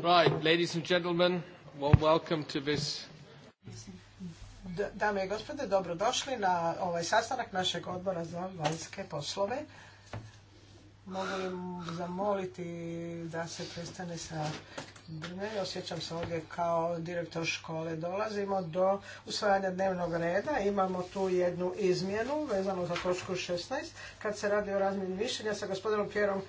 Right, ladies and gentlemen, Dame i gospode, dobrodošli na ovaj sastanak našeg odbora za vanjske poslove. Mogu zamoliti da se prestane sa brne. Osjećam se ovdje kao direktor škole. Dolazimo do usvajanja dnevnog reda. Imamo tu jednu izmjenu vezanu za točku 16 kad se radi o razmjeni mišljenja sa gospodinom Pjerom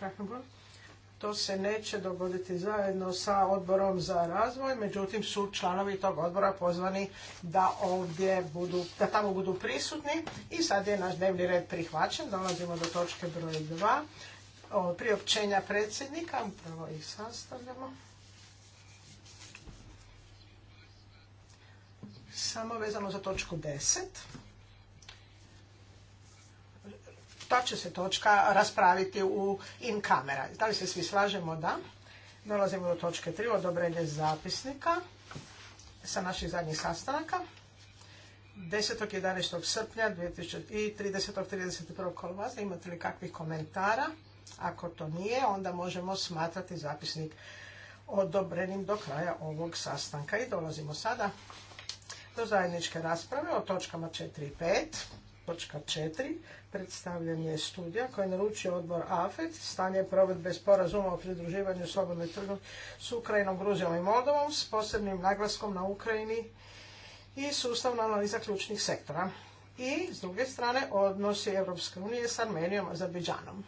to se neće dogoditi zajedno sa odborom za razvoj, međutim su članovi tog odbora pozvani da ovdje budu, da tamo budu prisutni i sad je naš dnevni red prihvaćen, dolazimo do točke broj 2, priopćenja predsjednika, prvo ih sastavljamo. Samo vezano za točku 10 ta će se točka raspraviti u in kamera. Da li se svi slažemo? Da. Dolazimo do točke 3, odobrenje zapisnika sa naših zadnjih sastanaka. 10. 11. srpnja i 30. 31. vas. Imate li kakvih komentara? Ako to nije, onda možemo smatrati zapisnik odobrenim do kraja ovog sastanka. I dolazimo sada do zajedničke rasprave o točkama 4 i 5 Točka 4. Predstavljanje studija koje je naručio odbor AFET, stanje provedbe sporazuma o pridruživanju slobodnoj trgovini s Ukrajinom, Gruzijom i Moldovom s posebnim naglaskom na Ukrajini i sustavna analiza ključnih sektora. I, s druge strane, odnosi Europske unije s Armenijom i Azerbejdžanom.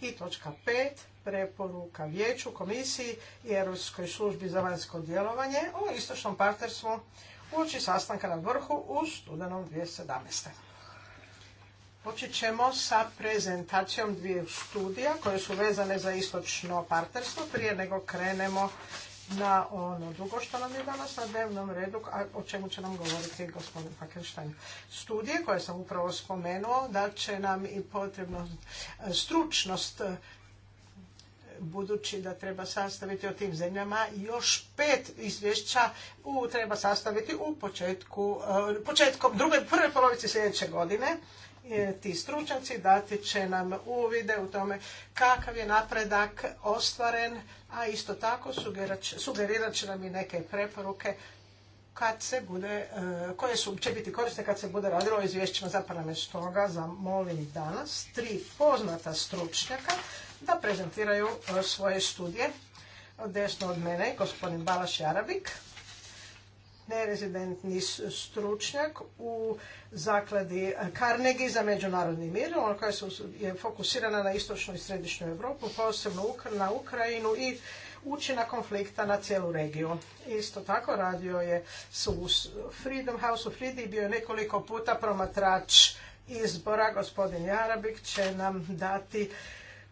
I točka pet, preporuka Vijeću, Komisiji i Europskoj službi za vanjsko djelovanje o istočnom partnerstvu uoči sastanka na vrhu u studenom 2017. Počet ćemo sa prezentacijom dvije studija koje su vezane za istočno partnerstvo prije nego krenemo na ono drugo što nam je danas na dnevnom redu, a o čemu će nam govoriti gospodin Fakenštajn. Studije koje sam upravo spomenuo, da će nam i potrebno stručnost budući da treba sastaviti o tim zemljama još pet izvješća u, treba sastaviti u početku, eh, početkom druge, prve polovice sljedeće godine. Eh, ti stručnjaci dati će nam uvide u tome kakav je napredak ostvaren, a isto tako sugerirat će nam i neke preporuke kad se bude, eh, koje su, će biti korisne kad se bude radilo o izvješćima za parlament. Stoga zamolim danas tri poznata stručnjaka da prezentiraju e, svoje studije. Desno od mene je gospodin Balaš Jarabik, nerezidentni stručnjak u zakladi Carnegie za međunarodni mir, on koja je fokusirana na istočnu i središnju Europu, posebno na Ukrajinu i učina konflikta na cijelu regiju. Isto tako radio je u Freedom House u Fridi i bio je nekoliko puta promatrač izbora. Gospodin Jarabik će nam dati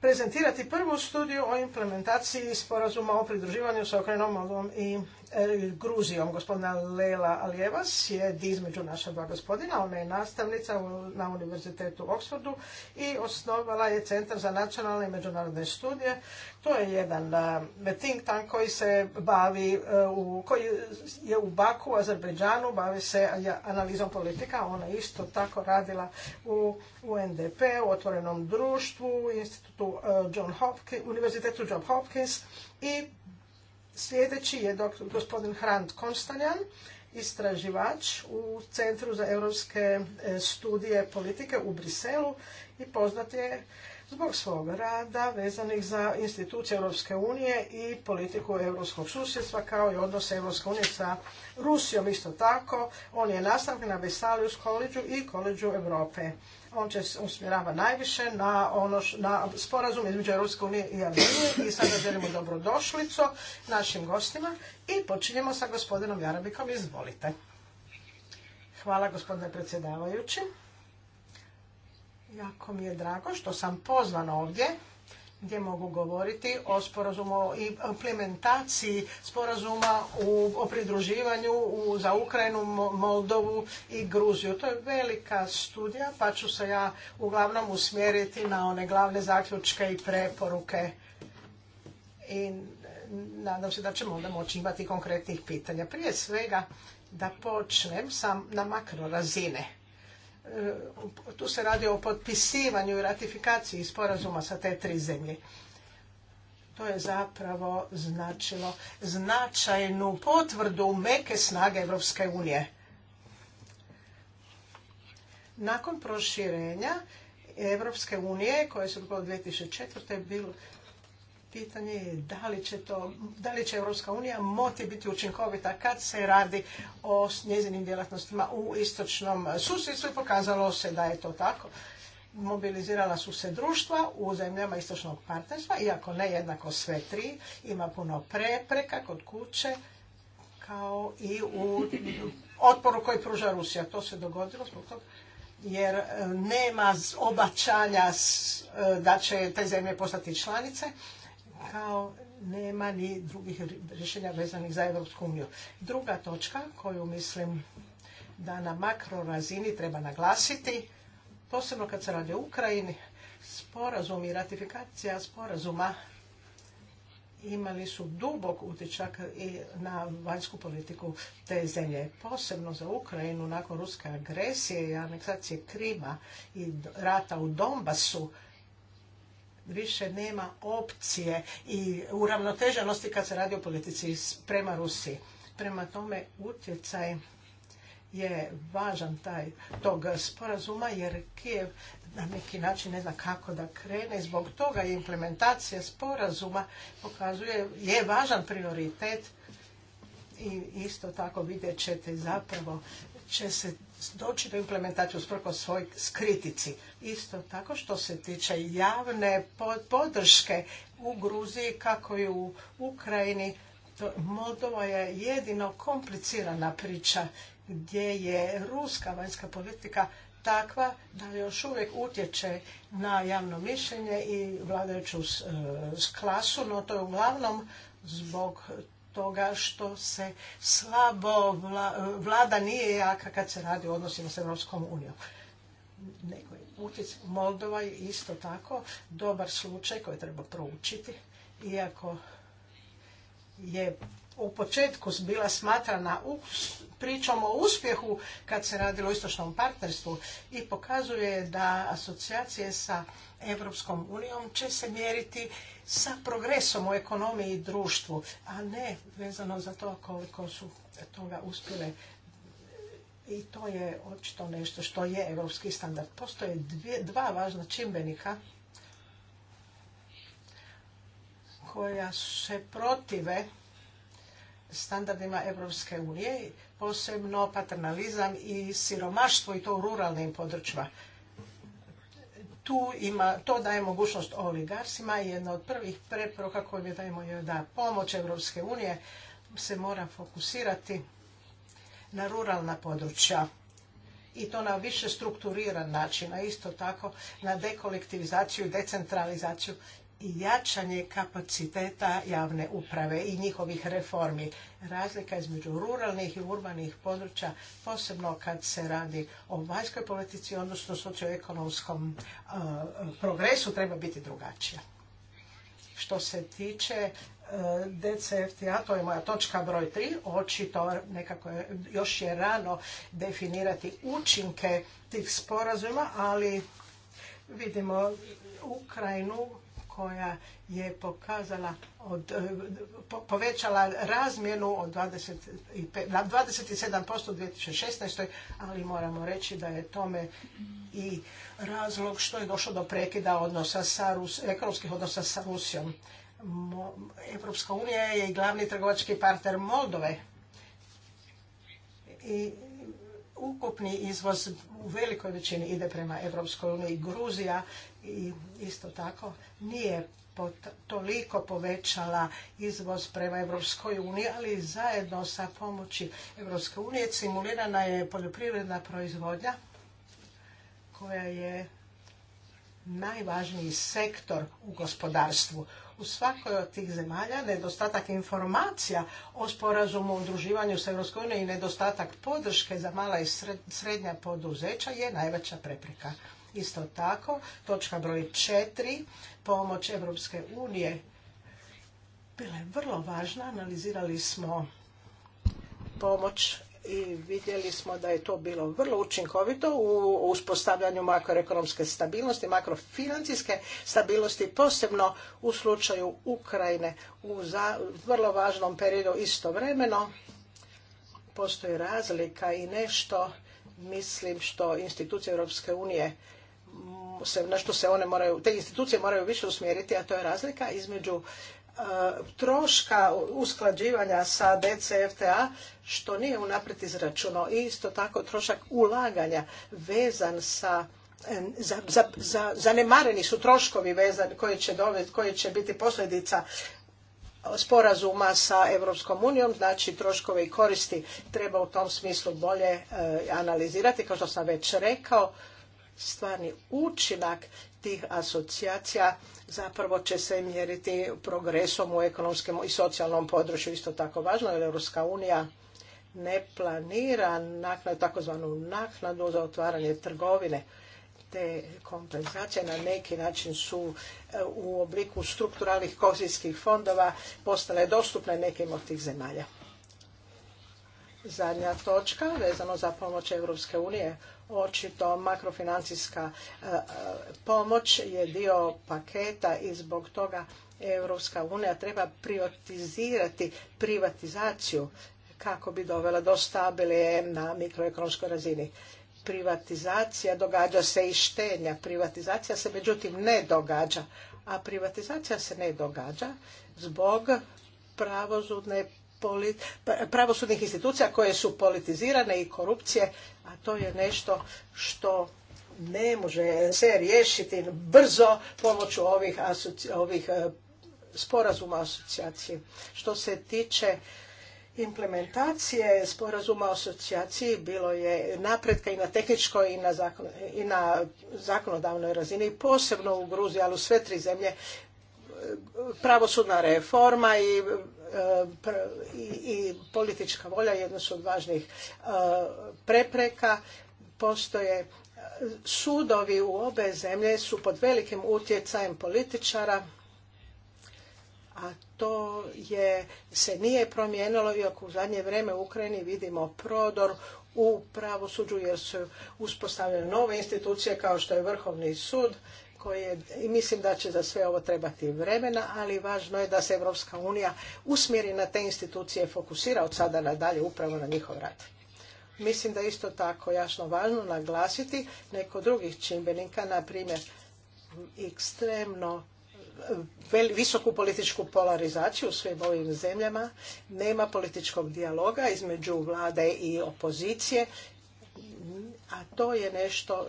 prezentirati prvu studiju o implementaciji sporazuma o pridruživanju sa Okrenom i E, Gruzijom. Gospodina Lela Alijeva je između naša dva gospodina. Ona je nastavnica na Univerzitetu u Oksfordu i osnovala je Centar za nacionalne i međunarodne studije. To je jedan e, think tank koji se bavi, e, koji je u Baku, u Azerbejdžanu, bavi se analizom politika. Ona isto tako radila u UNDP, u Otvorenom društvu, Institutu John Univerzitetu John Hopkins i Sljedeći je doktor, gospodin Hrant Konstanjan, istraživač u Centru za europske e, studije politike u Briselu i poznat je zbog svog rada vezanih za institucije Europske unije i politiku europskog susjedstva kao i odnose Europske unije sa Rusijom isto tako. On je nastavnik na Vesalius s i koleđu Europe on će usmjerava najviše na, ono, na sporazum između Europske unije i Armenije i sada želimo dobrodošlicu našim gostima i počinjemo sa gospodinom Jarabikom. Izvolite. Hvala gospodine predsjedavajući. Jako mi je drago što sam pozvan ovdje gdje mogu govoriti o sporazumu i implementaciji sporazuma u, o pridruživanju u, za Ukrajinu, Moldovu i Gruziju. To je velika studija pa ću se ja uglavnom usmjeriti na one glavne zaključke i preporuke. I nadam se da ćemo onda moći imati konkretnih pitanja. Prije svega da počnem sam na makro razine E, tu se radi o potpisivanju i ratifikaciji sporazuma sa te tri zemlje. To je zapravo značilo značajnu potvrdu meke snage Evropske unije. Nakon proširenja Evropske unije koje su bilo 2004. bilo pitanje je da li će to, da li će Europska unija moti biti učinkovita kad se radi o njezinim djelatnostima u istočnom susjedstvu i pokazalo se da je to tako. Mobilizirala su se društva u zemljama istočnog partnerstva, iako ne jednako sve tri, ima puno prepreka kod kuće, kao i u otporu koji pruža Rusija. To se dogodilo zbog toga jer e, nema obačanja e, da će te zemlje postati članice kao nema ni drugih rješenja vezanih za Europsku uniju. Druga točka koju mislim da na makro razini treba naglasiti, posebno kad se radi o Ukrajini, sporazum i ratifikacija sporazuma imali su dubok utječak i na vanjsku politiku te zemlje. Posebno za Ukrajinu nakon ruske agresije i aneksacije Krima i rata u Donbasu više nema opcije i uravnoteženosti kad se radi o politici prema Rusiji. Prema tome utjecaj je važan taj tog sporazuma jer Kijev na neki način ne zna kako da krene. Zbog toga je implementacija sporazuma pokazuje je važan prioritet i isto tako vidjet ćete zapravo će se doći do implementacije usprko svoj kritici. Isto tako što se tiče javne podrške u Gruziji kako i u Ukrajini, to Moldova je jedino komplicirana priča gdje je ruska vanjska politika takva da još uvijek utječe na javno mišljenje i vladajuću e, klasu, no to je uglavnom zbog toga što se slabo vlada nije jaka kad se radi o odnosima s Europskom unijom. Moldova je isto tako dobar slučaj koji treba proučiti, iako je u početku bila smatrana pričom o uspjehu kad se radilo o istočnom partnerstvu i pokazuje da asocijacije sa Evropskom unijom će se mjeriti sa progresom u ekonomiji i društvu, a ne vezano za to koliko su toga uspjele i to je očito nešto što je europski standard. Postoje dva važna čimbenika koja se protive standardima Europske unije, posebno paternalizam i siromaštvo i to u ruralnim područjima. to daje mogućnost oligarsima i jedna od prvih preporuka koju mi dajemo je da pomoć Europske unije se mora fokusirati na ruralna područja i to na više strukturiran način, a isto tako na dekolektivizaciju i decentralizaciju jačanje kapaciteta javne uprave i njihovih reformi. Razlika između ruralnih i urbanih područja, posebno kad se radi o vanjskoj politici, odnosno socioekonomskom e, progresu, treba biti drugačija. Što se tiče e, DCFTA, to je moja točka broj 3, očito nekako još je rano definirati učinke tih sporazuma, ali vidimo Ukrajinu koja je pokazala od, eh, povećala razmjenu od 25, na 27% u 2016. ali moramo reći da je tome i razlog što je došlo do prekida odnosa sa Rus, ekonomskih odnosa sa Rusijom. Evropska unija je i glavni trgovački partner Moldove i ukupni izvoz u velikoj većini ide prema Evropskoj uniji. Gruzija i isto tako nije toliko povećala izvoz prema Europskoj uniji, ali zajedno sa pomoći EU unije simulirana je poljoprivredna proizvodnja koja je najvažniji sektor u gospodarstvu. U svakoj od tih zemalja nedostatak informacija o sporazumu o udruživanju s EU i nedostatak podrške za mala i srednja poduzeća je najveća prepreka. Isto tako, točka broj četiri, pomoć Evropske unije bila je vrlo važna. Analizirali smo pomoć i vidjeli smo da je to bilo vrlo učinkovito u uspostavljanju makroekonomske stabilnosti, makrofinancijske stabilnosti, posebno u slučaju Ukrajine u vrlo važnom periodu istovremeno. Postoji razlika i nešto, mislim, što institucije Europske unije se, na što se one moraju, te institucije moraju više usmjeriti, a to je razlika između e, troška usklađivanja sa DCFTA, što nije unaprijed izračuno, i isto tako trošak ulaganja vezan sa zanemareni su troškovi vezan, koji, će biti posljedica sporazuma sa Europskom unijom, znači troškove i koristi treba u tom smislu bolje e, analizirati, kao što sam već rekao stvarni učinak tih asocijacija zapravo će se mjeriti progresom u ekonomskom i socijalnom području. Isto tako važno jer Europska unija ne planira naknadu, takozvanu naknadu za otvaranje trgovine. Te kompenzacije na neki način su e, u obliku strukturalnih kozijskih fondova postale dostupne nekim od tih zemalja. Zadnja točka vezano za pomoć Europske unije Očito makrofinancijska e, e, pomoć je dio paketa i zbog toga Europska unija treba privatizirati privatizaciju kako bi dovela do stabile na mikroekonomskoj razini. Privatizacija događa se i štenja. Privatizacija se međutim ne događa. A privatizacija se ne događa zbog pravozudne pa- pravosudnih institucija koje su politizirane i korupcije, a to je nešto što ne može se riješiti brzo pomoću ovih, ovih e, sporazuma asocijacije. Što se tiče implementacije sporazuma o asocijaciji bilo je napretka i na tehničkoj i na, i na zakonodavnoj razini, posebno u Gruziji, ali u sve tri zemlje e, pravosudna reforma i E, i politička volja jedna su od važnih e, prepreka. Postoje e, sudovi u obe zemlje su pod velikim utjecajem političara a to je, se nije promijenilo iako u zadnje vrijeme u Ukrajini vidimo prodor u pravosuđu jer su uspostavljene nove institucije kao što je Vrhovni sud koje i mislim da će za sve ovo trebati vremena, ali važno je da se Europska unija usmjeri na te institucije, fokusira od sada nadalje upravo na njihov rad. Mislim da je isto tako jasno važno naglasiti neko drugih čimbenika, na primjer ekstremno visoku političku polarizaciju u svim ovim zemljama, nema političkog dijaloga između vlade i opozicije a to je nešto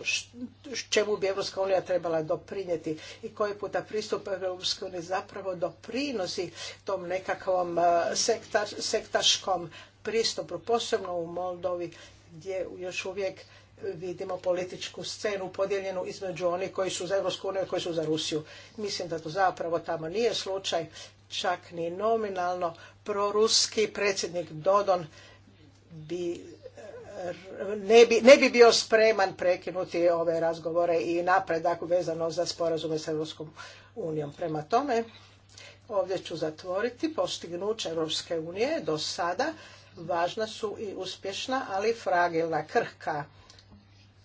čemu bi Europska unija trebala doprinijeti i koji puta pristup Europske unije zapravo doprinosi tom nekakvom e, sektar, sektaškom pristupu, posebno u Moldovi gdje još uvijek vidimo političku scenu podijeljenu između onih koji su za Europsku uniju i koji su za Rusiju. Mislim da to zapravo tamo nije slučaj, čak ni nominalno proruski predsjednik Dodon bi ne bi, ne bi bio spreman prekinuti ove razgovore i napredak vezano za sporazume s Europskom unijom. Prema tome, ovdje ću zatvoriti postignuće Europske unije do sada. Važna su i uspješna, ali fragilna, krhka.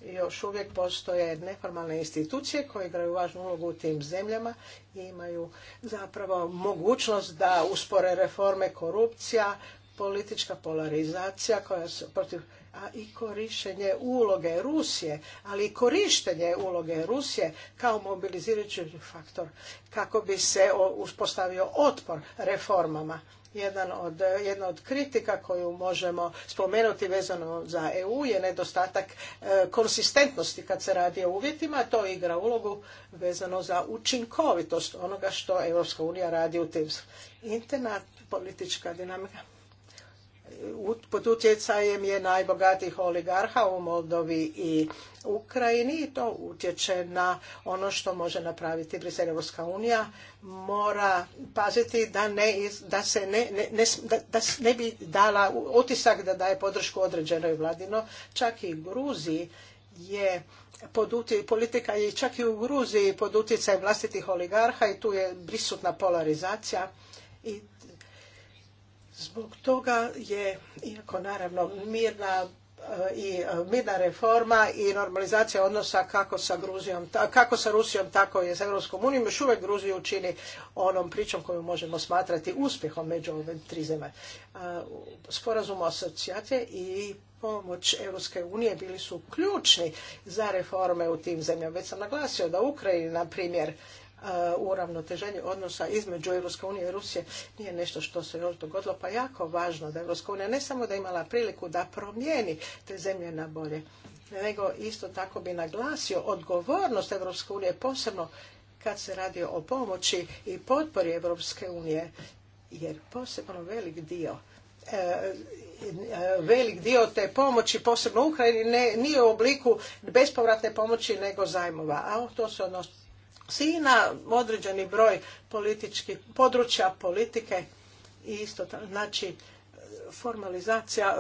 Još uvijek postoje neformalne institucije koje igraju važnu ulogu u tim zemljama i imaju zapravo mogućnost da uspore reforme korupcija, politička polarizacija koja se protiv a i korištenje uloge Rusije, ali i korištenje uloge Rusije kao mobilizirajući faktor kako bi se uspostavio otpor reformama. Jedan od, jedna od kritika koju možemo spomenuti vezano za EU je nedostatak e, konsistentnosti kad se radi o uvjetima, to igra ulogu vezano za učinkovitost onoga što EU radi u tim. Interna politička dinamika pod utjecajem je najbogatijih oligarha u Moldovi i Ukrajini i to utječe na ono što može napraviti EU unija. Mora paziti da, ne, da se ne, ne, da, ne bi dala otisak da daje podršku određenoj vladino. Čak i Gruziji je pod politika je čak i u Gruziji pod utjecaj vlastitih oligarha i tu je prisutna polarizacija i Zbog toga je, iako naravno mirna e, i e, mirna reforma i normalizacija odnosa kako sa, Gruzijom, kako sa Rusijom, tako i sa EU, unijom, još uvijek Gruziju čini onom pričom koju možemo smatrati uspjehom među ove tri zemlje. E, sporazum o asocijacije i pomoć Europske unije bili su ključni za reforme u tim zemljama. Već sam naglasio da Ukrajina, na primjer, uravnoteženje odnosa između Europske unije i Rusije nije nešto što se još dogodilo, pa jako važno da Europska unija ne samo da imala priliku da promijeni te zemlje na bolje, nego isto tako bi naglasio odgovornost Europske unije, posebno kad se radi o pomoći i potpori Europske unije, jer posebno velik dio e, e, velik dio te pomoći, posebno Ukrajini, nije u obliku bespovratne pomoći nego zajmova. A to se odnosi i na određeni broj političkih područja politike i isto znači formalizacija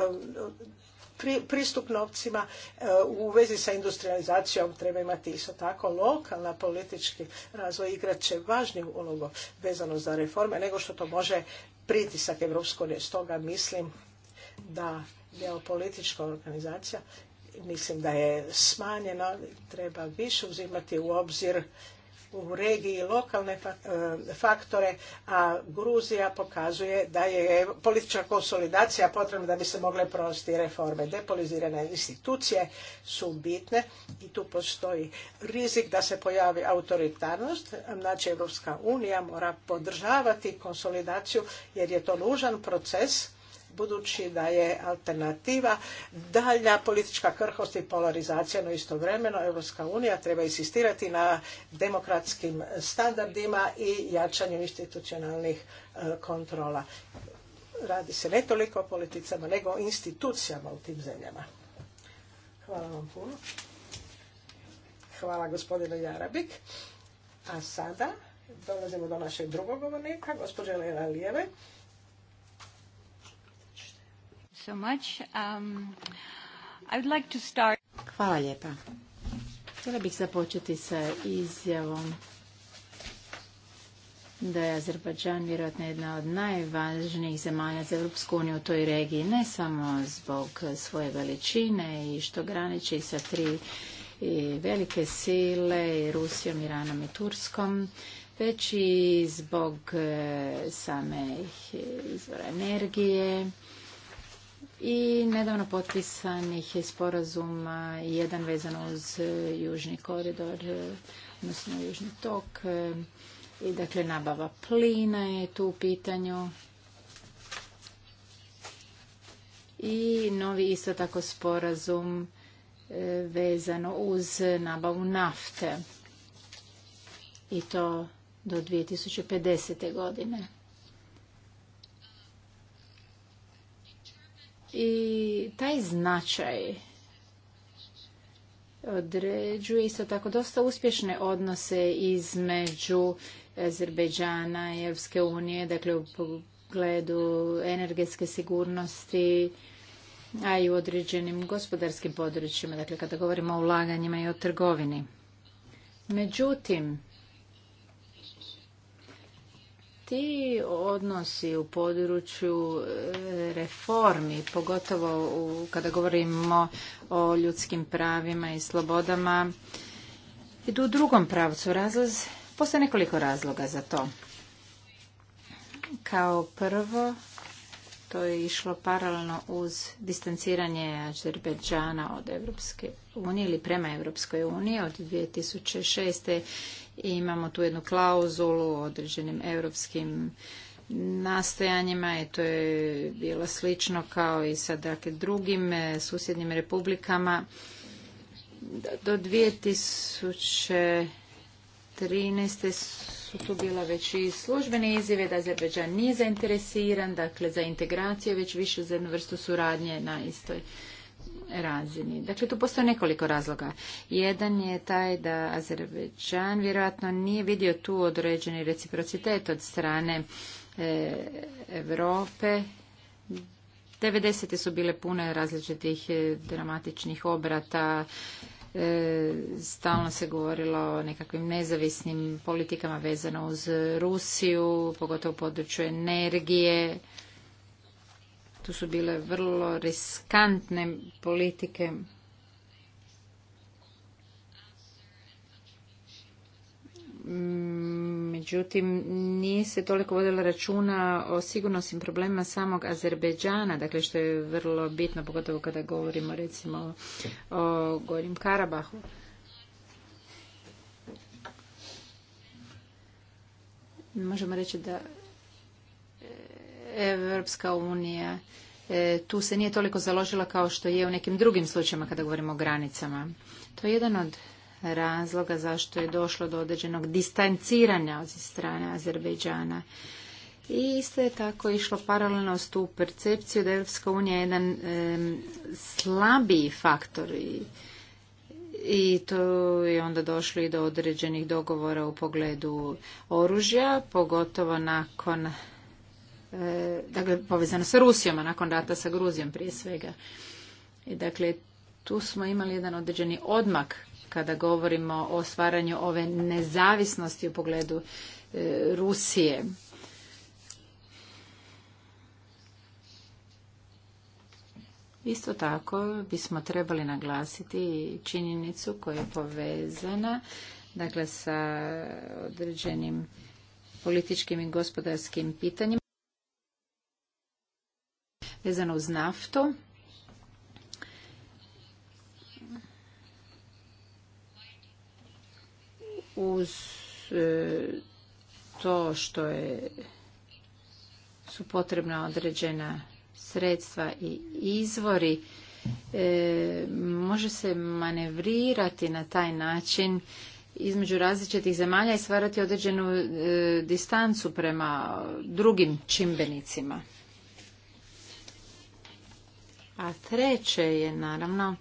eh, pristup novcima eh, u vezi sa industrializacijom treba imati isto tako lokalna politički razvoj igrat će važniju ulogu vezano za reforme nego što to može pritisak Europske Stoga mislim da geopolitička organizacija mislim da je smanjena, treba više uzimati u obzir u regiji lokalne e, faktore, a Gruzija pokazuje da je politička konsolidacija potrebna da bi se mogle provesti reforme. Depolizirane institucije su bitne i tu postoji rizik da se pojavi autoritarnost. Znači, Europska unija mora podržavati konsolidaciju jer je to nužan proces budući da je alternativa dalja politička krhost i polarizacija, no istovremeno Europska unija treba insistirati na demokratskim standardima i jačanju institucionalnih e, kontrola. Radi se ne toliko o politicama, nego o institucijama u tim zemljama. Hvala vam puno. Hvala gospodine Jarabik. A sada dolazimo do našeg drugog govornika, gospođe Lena Lijeve so much. Um, I would Hvala lijepa. Htjela bih započeti sa izjavom da je Azerbajdžan vjerojatno jedna od najvažnijih zemalja za Europsku uniju u toj regiji, ne samo zbog svoje veličine i što graniči sa tri velike sile, Rusijom, Iranom i Turskom, već i zbog e, same izvora energije, i nedavno potpisanih sporazuma, jedan vezano uz južni koridor, odnosno južni tok, i dakle nabava plina je tu u pitanju. I novi isto tako sporazum e, vezano uz nabavu nafte. I to do 2050. godine. i taj značaj određuje isto tako dosta uspješne odnose između Azerbejdžana i Europske unije, dakle u pogledu energetske sigurnosti, a i u određenim gospodarskim područjima, dakle kada govorimo o ulaganjima i o trgovini. Međutim, ti odnosi u području e, reformi, pogotovo kada govorimo o ljudskim pravima i slobodama, idu u drugom pravcu. Razlaz, postoje nekoliko razloga za to. Kao prvo, to je išlo paralelno uz distanciranje Azerbeđana od Evropske unije ili prema Europskoj uniji od 2006 imamo tu jednu klauzulu o određenim europskim nastojanjima i to je bilo slično kao i sa dakle, drugim e, susjednim republikama. Do 2013. su tu bila već i službene izjave da Azerbeđan nije zainteresiran, dakle za integraciju, već više za jednu vrstu suradnje na istoj razini. Dakle, tu postoje nekoliko razloga. Jedan je taj da Azerbejdžan vjerojatno nije vidio tu određeni reciprocitet od strane Europe. 90. su bile pune različitih e, dramatičnih obrata, e, stalno se govorilo o nekakvim nezavisnim politikama vezano uz Rusiju, pogotovo u području energije, tu su bile vrlo riskantne politike. Međutim, nije se toliko vodila računa o sigurnosnim problemima samog Azerbeđana, dakle što je vrlo bitno, pogotovo kada govorimo recimo o Gorim Karabahu. Možemo reći da Evropska unija e, tu se nije toliko založila kao što je u nekim drugim slučajima kada govorimo o granicama. To je jedan od razloga zašto je došlo do određenog distanciranja od strane Azerbejdžana. I isto je tako išlo paralelno s tu percepciju da Evropska unija jedan slabiji faktor i, i to je onda došlo i do određenih dogovora u pogledu oružja, pogotovo nakon E, dakle povezano sa Rusijom, a nakon rata sa Gruzijom prije svega. I dakle, tu smo imali jedan određeni odmak kada govorimo o stvaranju ove nezavisnosti u pogledu e, Rusije. Isto tako bismo trebali naglasiti činjenicu koja je povezana dakle sa određenim političkim i gospodarskim pitanjima vezano uz naftu. Uz e, to što je, su potrebna određena sredstva i izvori, e, može se manevrirati na taj način između različitih zemalja i stvarati određenu e, distancu prema drugim čimbenicima. A treće je naravno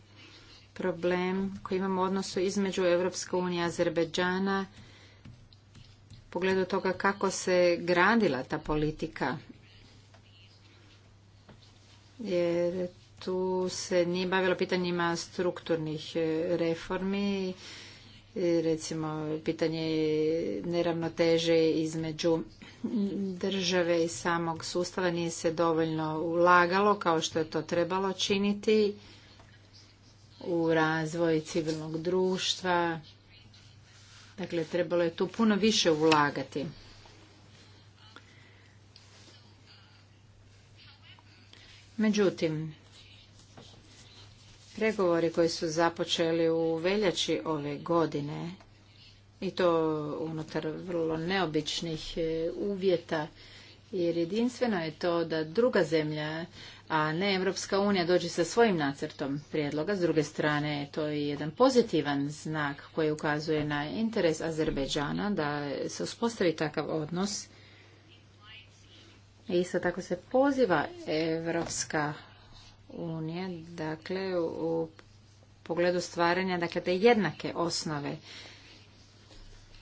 problem koji imamo u odnosu između Europske unije i Azerbeđana u pogledu toga kako se gradila ta politika. Jer tu se nije bavilo pitanjima strukturnih eh, reformi recimo pitanje neravnoteže između države i samog sustava nije se dovoljno ulagalo kao što je to trebalo činiti u razvoj civilnog društva. Dakle, trebalo je tu puno više ulagati. Međutim, Pregovori koji su započeli u veljači ove godine i to unutar vrlo neobičnih e, uvjeta jer jedinstveno je to da druga zemlja, a ne Europska unija, dođe sa svojim nacrtom prijedloga. S druge strane, to je jedan pozitivan znak koji ukazuje na interes Azerbeđana da se uspostavi takav odnos. Isto tako se poziva europska unije, dakle u pogledu stvaranja dakle, te jednake osnove.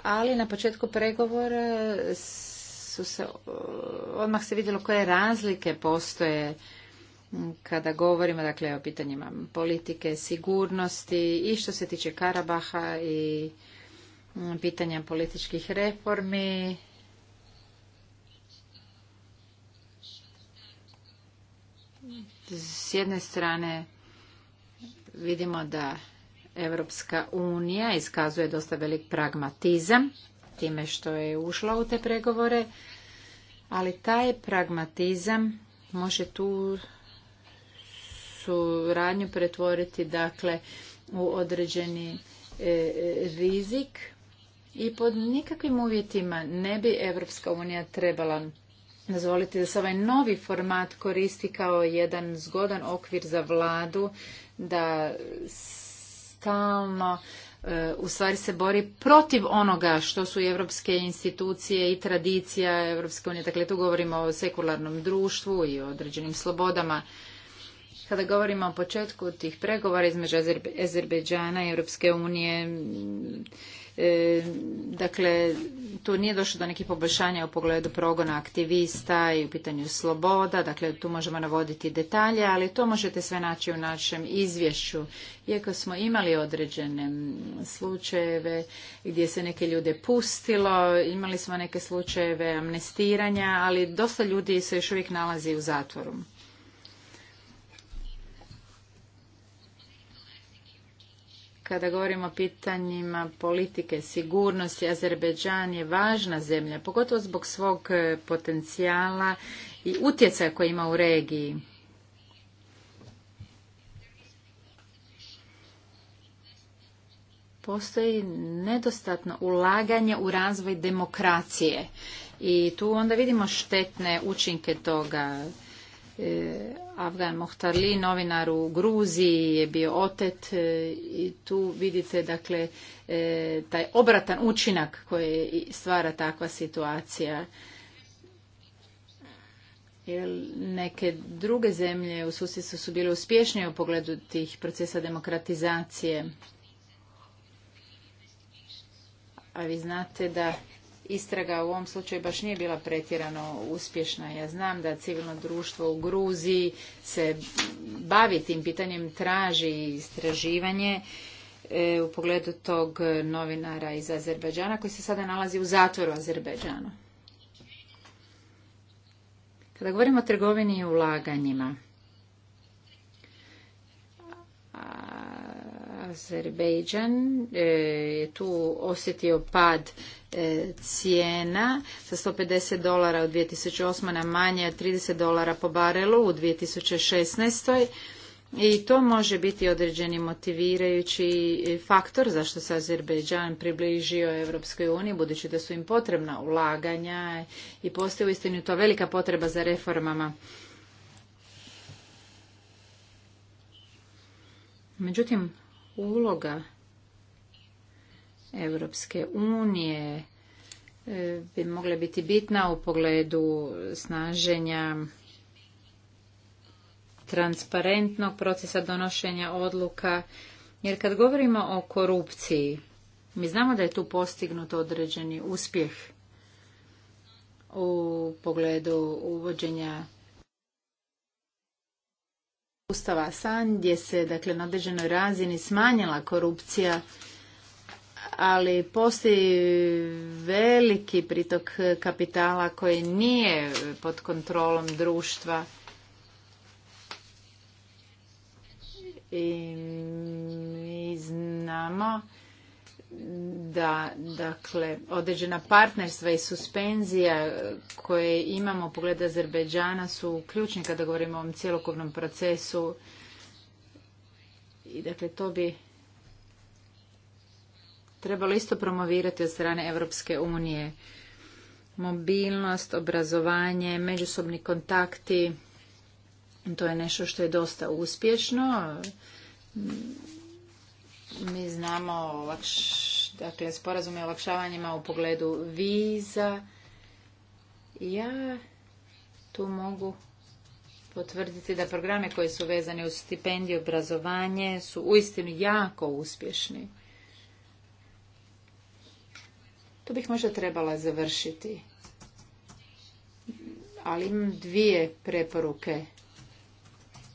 Ali na početku pregovora su se, odmah se vidjelo koje razlike postoje kada govorimo dakle, o pitanjima politike, sigurnosti i što se tiče Karabaha i pitanja političkih reformi S jedne strane vidimo da Evropska unija iskazuje dosta velik pragmatizam time što je ušla u te pregovore, ali taj pragmatizam može tu suradnju pretvoriti dakle u određeni e, rizik i pod nikakvim uvjetima ne bi Evropska unija trebala Dozvolite da se ovaj novi format koristi kao jedan zgodan okvir za vladu da stalno e, u stvari se bori protiv onoga što su evropske institucije i tradicija Evropske unije. Dakle, tu govorimo o sekularnom društvu i o određenim slobodama. Kada govorimo o početku tih pregovora između Azerbejdžana i Europske unije, E, dakle, tu nije došlo do nekih poboljšanja u pogledu progona aktivista i u pitanju sloboda, dakle tu možemo navoditi detalje, ali to možete sve naći u našem izvješću. Iako smo imali određene slučajeve gdje se neke ljude pustilo, imali smo neke slučajeve amnestiranja, ali dosta ljudi se još uvijek nalazi u zatvoru. Kada govorimo o pitanjima politike sigurnosti, Azerbeđan je važna zemlja, pogotovo zbog svog e, potencijala i utjecaja koji ima u regiji. Postoji nedostatno ulaganje u razvoj demokracije i tu onda vidimo štetne učinke toga. E, Afgan Mohtarli, novinar u Gruziji je bio otet e, i tu vidite dakle e, taj obratan učinak koji stvara takva situacija. Jer neke druge zemlje u susjedstvu su bile uspješnije u pogledu tih procesa demokratizacije. A vi znate da istraga u ovom slučaju baš nije bila pretjerano uspješna. Ja znam da civilno društvo u Gruziji se bavi tim pitanjem, traži istraživanje e, u pogledu tog novinara iz Azerbeđana koji se sada nalazi u zatvoru Azerbeđana. Kada govorimo o trgovini i ulaganjima, Azerbejdžan e, je tu osjetio pad e, cijena sa 150 dolara u 2008. na manje 30 dolara po barelu u 2016. I to može biti određeni motivirajući faktor zašto se Azerbejdžan približio Europskoj uniji, budući da su im potrebna ulaganja i postoji istinu to velika potreba za reformama. Međutim, uloga Europske unije e, bi mogla biti bitna u pogledu snaženja transparentnog procesa donošenja odluka. Jer kad govorimo o korupciji, mi znamo da je tu postignut određeni uspjeh u pogledu uvođenja ustava san gdje se dakle, na određenoj razini smanjila korupcija, ali postoji veliki pritok kapitala koji nije pod kontrolom društva. I mi znamo da dakle određena partnerstva i suspenzija e, koje imamo u pogledu Azerbejdžana su ključni kada govorimo o ovom cjelokupnom procesu i dakle to bi trebalo isto promovirati od strane Europske unije. Mobilnost, obrazovanje, međusobni kontakti, to je nešto što je dosta uspješno. Mi znamo lakše dakle sporazume o olakšavanjima u pogledu viza. Ja tu mogu potvrditi da programe koji su vezani uz stipendiju obrazovanje su uistinu jako uspješni. To bih možda trebala završiti. Ali imam dvije preporuke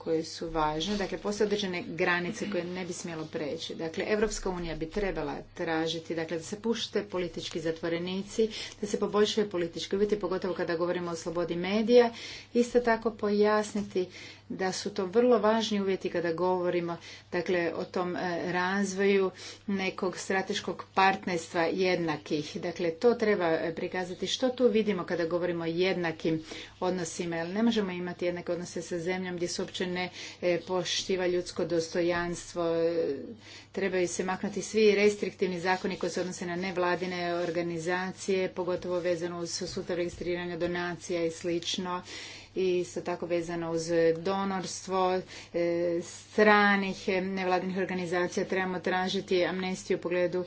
koje su važne. Dakle, postoje određene granice koje ne bi smjelo preći. Dakle, Evropska unija bi trebala tražiti dakle, da se pušte politički zatvorenici, da se poboljšaju politički uvjeti, pogotovo kada govorimo o slobodi medija. Isto tako pojasniti da su to vrlo važni uvjeti kada govorimo dakle, o tom e, razvoju nekog strateškog partnerstva jednakih. Dakle, to treba e, prikazati što tu vidimo kada govorimo o jednakim odnosima. Jer ne možemo imati jednake odnose sa zemljom gdje se uopće ne e, poštiva ljudsko dostojanstvo. Trebaju se maknuti svi restriktivni zakoni koji se odnose na nevladine organizacije, pogotovo vezano uz sustav registriranja donacija i slično i isto tako vezano uz donorstvo e, stranih e, nevladinih organizacija. Trebamo tražiti amnestiju u pogledu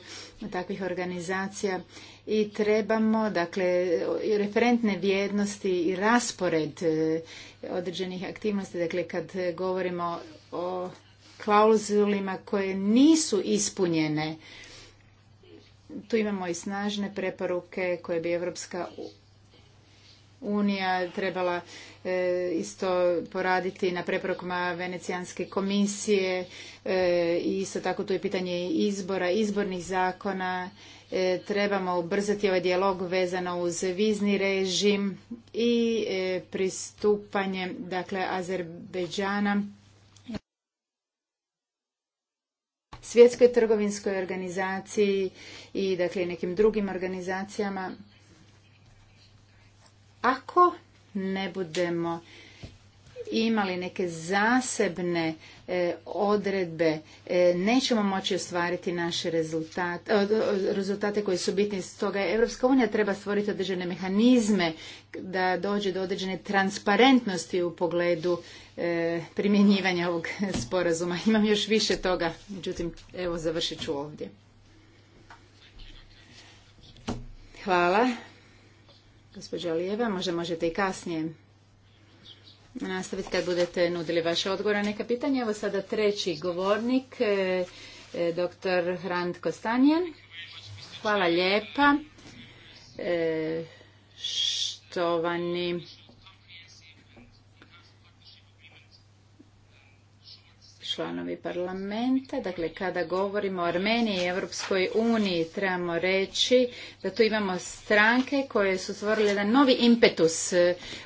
takvih organizacija i trebamo dakle referentne vrijednosti i raspored e, određenih aktivnosti. Dakle, kad govorimo o klauzulima koje nisu ispunjene, tu imamo i snažne preporuke koje bi Evropska unija trebala e, isto poraditi na preporukama Venecijanske komisije e, i isto tako tu je pitanje izbora, izbornih zakona. E, trebamo ubrzati ovaj dijalog vezano uz vizni režim i pristupanje dakle Azerbejdžana svjetskoj trgovinskoj organizaciji i dakle nekim drugim organizacijama ako ne budemo imali neke zasebne e, odredbe e, nećemo moći ostvariti naše rezultate, rezultate koji su bitni. Stoga Europska unija treba stvoriti određene mehanizme da dođe do određene transparentnosti u pogledu e, primjenjivanja ovog sporazuma. Imam još više toga, međutim, evo završit ću ovdje. Hvala. Gospođa Lijeva, možda možete i kasnije nastaviti kad budete nudili vaše odgovore na neka pitanja. Evo sada treći govornik, e, e, dr. Hrant Kostanjen. Hvala lijepa. E, štovani članovi parlamenta. Dakle, kada govorimo o Armeniji i Europskoj uniji, trebamo reći da tu imamo stranke koje su stvorile jedan novi impetus e,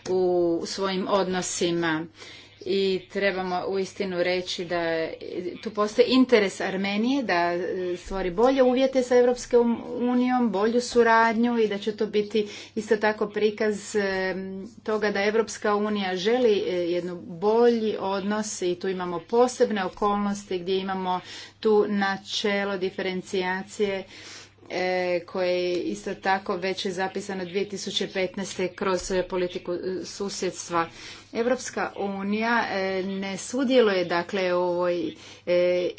u svojim odnosima i trebamo istinu reći da tu postoji interes Armenije da e, stvori bolje uvjete sa Europskom unijom, bolju suradnju i da će to biti isto tako prikaz e, toga da Europska unija želi e, jednu bolji odnos i tu imamo posebne okolnosti gdje imamo tu načelo diferencijacije koje je isto tako već je zapisano 2015. kroz politiku susjedstva Evropska unija e, ne sudjeluje dakle u ovoj e,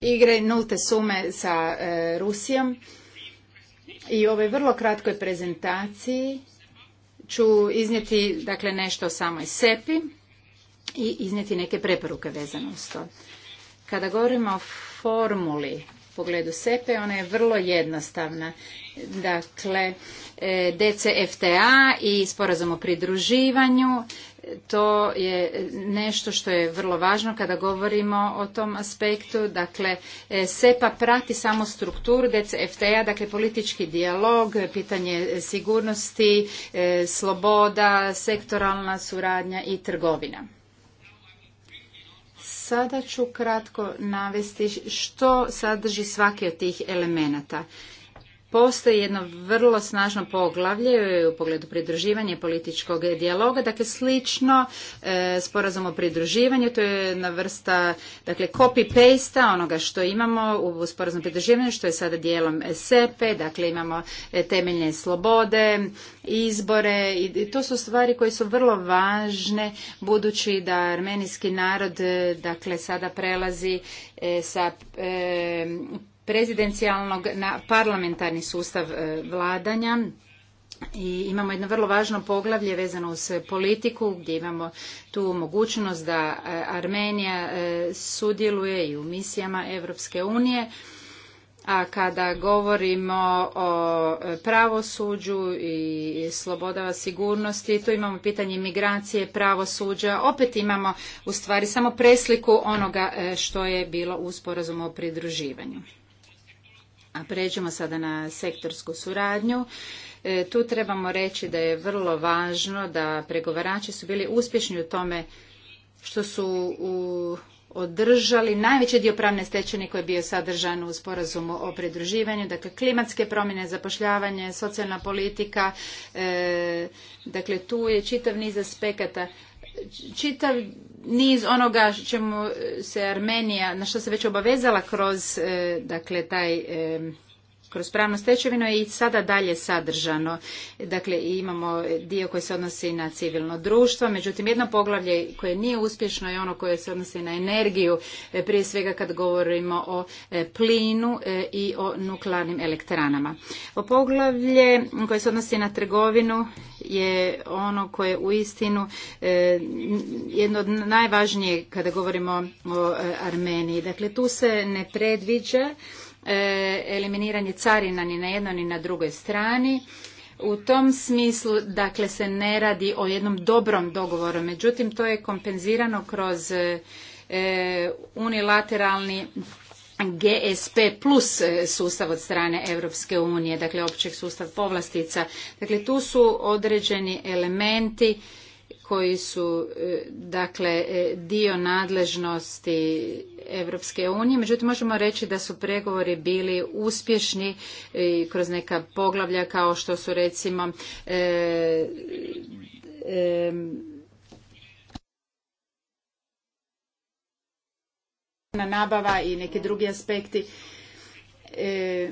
igre nulte sume sa e, Rusijom i u ovoj vrlo kratkoj prezentaciji ću iznijeti dakle nešto o samoj SEPI i iznijeti neke preporuke vezano uz to. Kada govorimo o formuli pogledu SEPE, ona je vrlo jednostavna. Dakle, e, DCFTA i sporazum o pridruživanju, e, to je nešto što je vrlo važno kada govorimo o tom aspektu. Dakle, e, SEPA prati samo strukturu DCFTA, dakle politički dijalog, pitanje sigurnosti, sloboda, sektoralna suradnja i trgovina. Sada ću kratko navesti što sadrži svaki od tih elemenata postoji jedno vrlo snažno poglavlje u pogledu pridruživanja političkog dijaloga, dakle slično e, sporazum o pridruživanju, to je jedna vrsta dakle copy-paste onoga što imamo u sporazumu o pridruživanju, što je sada dijelom SEPE, dakle imamo e, temeljne slobode, izbore i to su stvari koje su vrlo važne budući da armenijski narod e, dakle sada prelazi e, sa e, prezidencijalnog na parlamentarni sustav e, vladanja i imamo jedno vrlo važno poglavlje vezano uz politiku gdje imamo tu mogućnost da e, Armenija e, sudjeluje i u misijama Europske unije a kada govorimo o pravosuđu i slobodama sigurnosti, tu imamo pitanje migracije, pravosuđa, opet imamo u stvari samo presliku onoga što je bilo u sporazumu o pridruživanju. A pređemo sada na sektorsku suradnju. E, tu trebamo reći da je vrlo važno da pregovarači su bili uspješni u tome što su održali najveći dio pravne stečene koji je bio sadržan u sporazumu o pridruživanju, dakle klimatske promjene, zapošljavanje, socijalna politika, e, dakle tu je čitav niz aspekata čitav niz onoga čemu se Armenija, na što se već obavezala kroz e, dakle, taj e, kroz pravnu stečevinu je i sada dalje sadržano. Dakle, imamo dio koji se odnosi na civilno društvo, međutim jedno poglavlje koje nije uspješno je ono koje se odnosi na energiju, e, prije svega kad govorimo o e, plinu e, i o nuklearnim elektranama. O poglavlje koje se odnosi na trgovinu je ono koje u istinu jedno od najvažnije kada govorimo o Armeniji. Dakle, tu se ne predviđa E, eliminiranje carina ni na jednoj ni na drugoj strani. U tom smislu dakle se ne radi o jednom dobrom dogovoru, međutim to je kompenzirano kroz e, e, unilateralni GSP plus sustav od strane Europske unije, dakle općeg sustav povlastica. Dakle tu su određeni elementi koji su e, dakle e, dio nadležnosti Europske unije. Međutim, možemo reći da su pregovori bili uspješni kroz neka poglavlja kao što su recimo e, nabava i neki drugi aspekti E,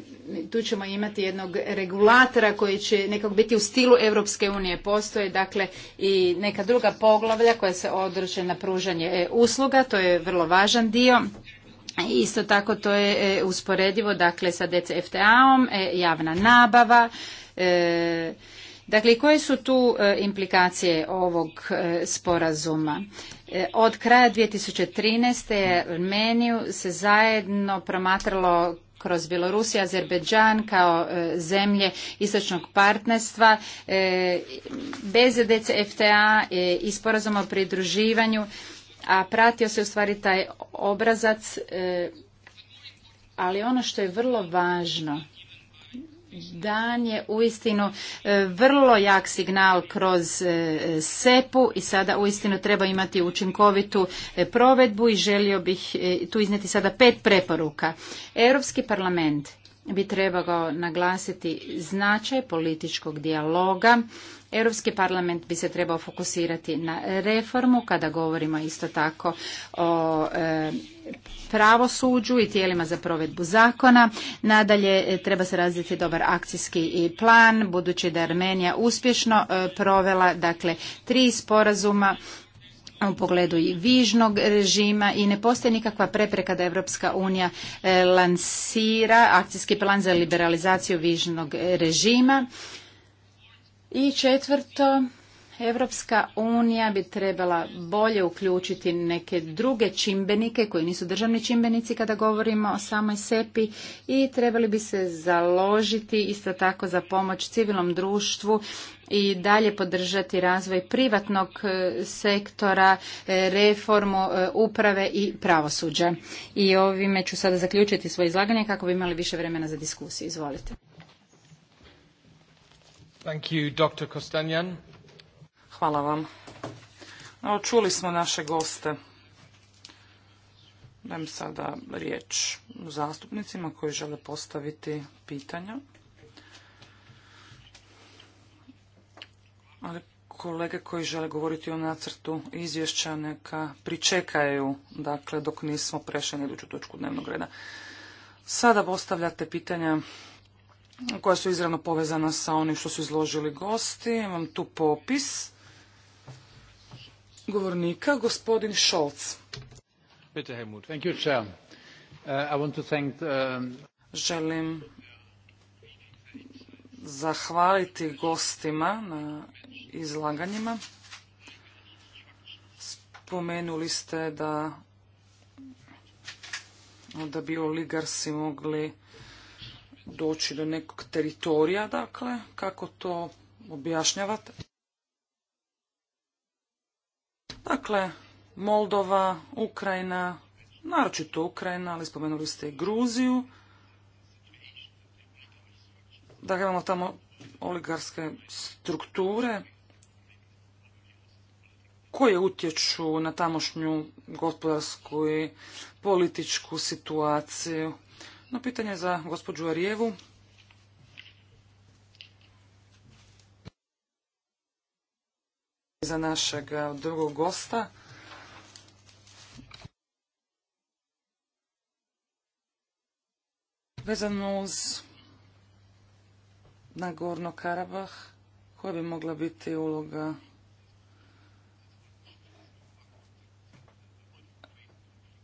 tu ćemo imati jednog regulatora koji će nekako biti u stilu Europske unije. Postoje dakle i neka druga poglavlja koja se odruče na pružanje usluga, to je vrlo važan dio. Isto tako to je e, usporedivo dakle sa DCFTA-om, e, javna nabava, Dakle, koje su tu implikacije ovog sporazuma? Od kraja 2013. Armeniju se zajedno promatralo kroz Bjelorusiju, Azerbeđan kao e, zemlje istočnog partnerstva, e, bez DCFTA e, i sporazuma o pridruživanju, a pratio se u stvari taj obrazac, ali ono što je vrlo važno dan je uistinu e, vrlo jak signal kroz e, SEPU i sada uistinu treba imati učinkovitu e, provedbu i želio bih tu izneti sada pet preporuka. Europski parlament bi trebao naglasiti značaj političkog dijaloga Europski parlament bi se trebao fokusirati na reformu kada govorimo isto tako o e, pravosuđu i tijelima za provedbu zakona. Nadalje e, treba se razviti dobar akcijski plan budući da je Armenija uspješno e, provela dakle tri sporazuma u pogledu i vižnog režima i ne postoji nikakva prepreka da Europska unija lansira akcijski plan za liberalizaciju vižnog režima i četvrto, Evropska unija bi trebala bolje uključiti neke druge čimbenike koji nisu državni čimbenici kada govorimo o samoj SEPI i trebali bi se založiti isto tako za pomoć civilnom društvu i dalje podržati razvoj privatnog e, sektora, e, reformu e, uprave i pravosuđa. I ovime ću sada zaključiti svoje izlaganje kako bi imali više vremena za diskusiju. Izvolite. Thank you, Dr. Hvala vam. Evo, čuli smo naše goste. Dajem sada riječ zastupnicima koji žele postaviti pitanja. Ali kolege koji žele govoriti o nacrtu izvješća neka pričekaju, dakle, dok nismo prešli na iduću točku dnevnog reda. Sada postavljate pitanja koja su izravno povezana sa onim što su izložili gosti. Imam tu popis govornika, gospodin Šolc. Želim zahvaliti gostima na izlaganjima. Spomenuli ste da da bi oligarsi mogli doći do nekog teritorija, dakle, kako to objašnjavate? Dakle, Moldova, Ukrajina, naročito Ukrajina, ali spomenuli ste i Gruziju. Dakle, imamo tamo oligarske strukture koje utječu na tamošnju gospodarsku i političku situaciju. No pitanje za gospođu Arijevu. Za našeg eh, drugog gosta. Vezano uz Nagorno Karabah, koja bi mogla biti uloga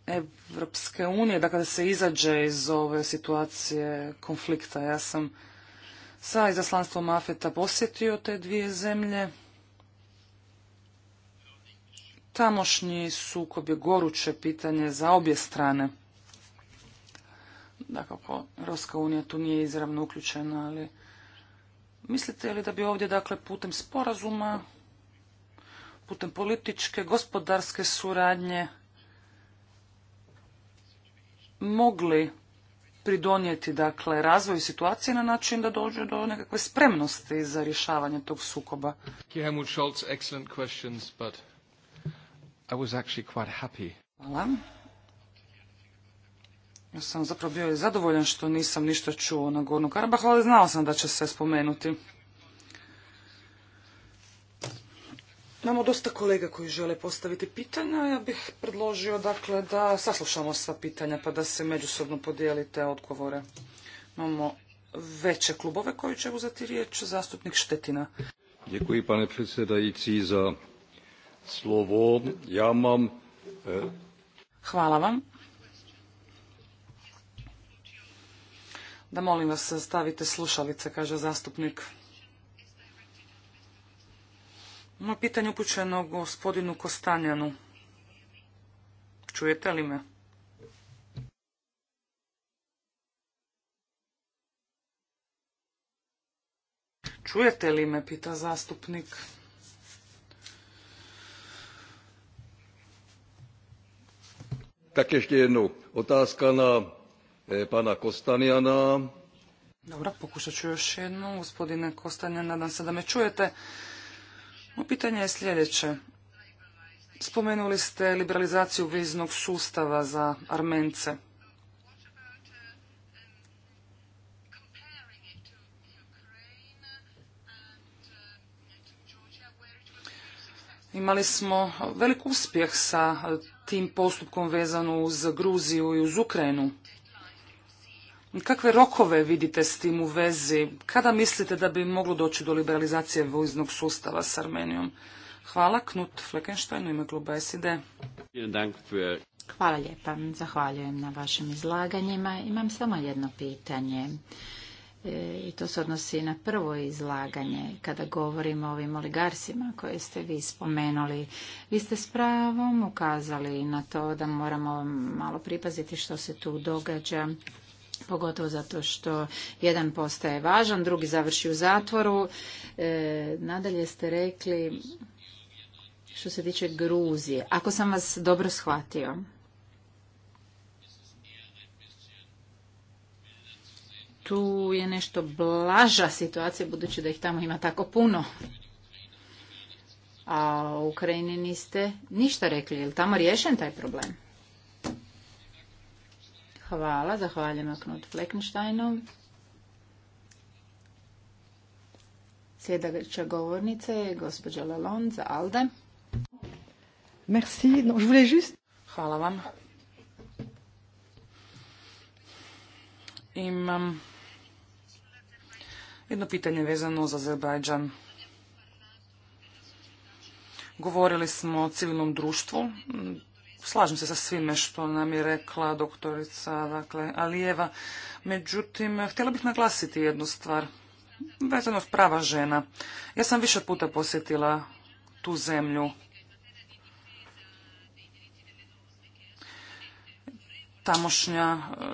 Evropske unije, dakle, da kada se izađe iz ove situacije konflikta. Ja sam sa izaslanstvom Afeta posjetio te dvije zemlje. Tamošnji sukob je goruće pitanje za obje strane. Dakako, Evropska unija tu nije izravno uključena, ali mislite li da bi ovdje, dakle, putem sporazuma, putem političke, gospodarske suradnje, mogli pridonijeti dakle razvoju situacije na način da dođe do nekakve spremnosti za rješavanje tog sukoba. Hvala. Ja sam zapravo bio i zadovoljan što nisam ništa čuo na Gornu Karabahu, ali znao sam da će se spomenuti. Imamo dosta kolega koji žele postaviti pitanja. Ja bih predložio dakle da saslušamo sva pitanja pa da se međusobno podijelite odgovore. Imamo veće klubove koji će uzeti riječ. Zastupnik Štetina. Děkuji, pane i za slovo. Ja mam... E, Hvala vam. Da molim vas stavite slušalice, kaže zastupnik. Moje pitanje upućeno gospodinu Kostanjanu. Čujete li me? Čujete li me, pita zastupnik. Tak ještě jednu Otázka na e, pana Kostanjana. Dobro, pokušat ću još jednu. Gospodine Kostanjan, nadam se da me čujete pitanje je sljedeće. Spomenuli ste liberalizaciju viznog sustava za Armence. Imali smo velik uspjeh sa tim postupkom vezano uz Gruziju i uz Ukrajinu. Kakve rokove vidite s tim u vezi? Kada mislite da bi moglo doći do liberalizacije vojznog sustava s Armenijom? Hvala, Knut Fleckenstein u ime kluba SID. Hvala lijepa, zahvaljujem na vašim izlaganjima. Imam samo jedno pitanje e, i to se odnosi na prvo izlaganje kada govorimo o ovim oligarsima koje ste vi spomenuli. Vi ste s pravom ukazali na to da moramo malo pripaziti što se tu događa pogotovo zato što jedan postaje važan, drugi završi u zatvoru. E, nadalje ste rekli što se tiče Gruzije. Ako sam vas dobro shvatio, tu je nešto blaža situacija budući da ih tamo ima tako puno. A u Ukrajini niste ništa rekli. Je tamo riješen taj problem? Hvala, zahvaljujem Knut Fleckensteinu. Sljedeća govornica je gospođa Lalonde za Alde. Merci. No, je voulais Hvala vam. Imam jedno pitanje vezano za Azerbajdžan. Govorili smo o civilnom društvu, Slažem se sa svime što nam je rekla doktorica dakle, Alijeva. Međutim, htjela bih naglasiti jednu stvar. Vezano prava žena. Ja sam više puta posjetila tu zemlju. Tamošnja eh,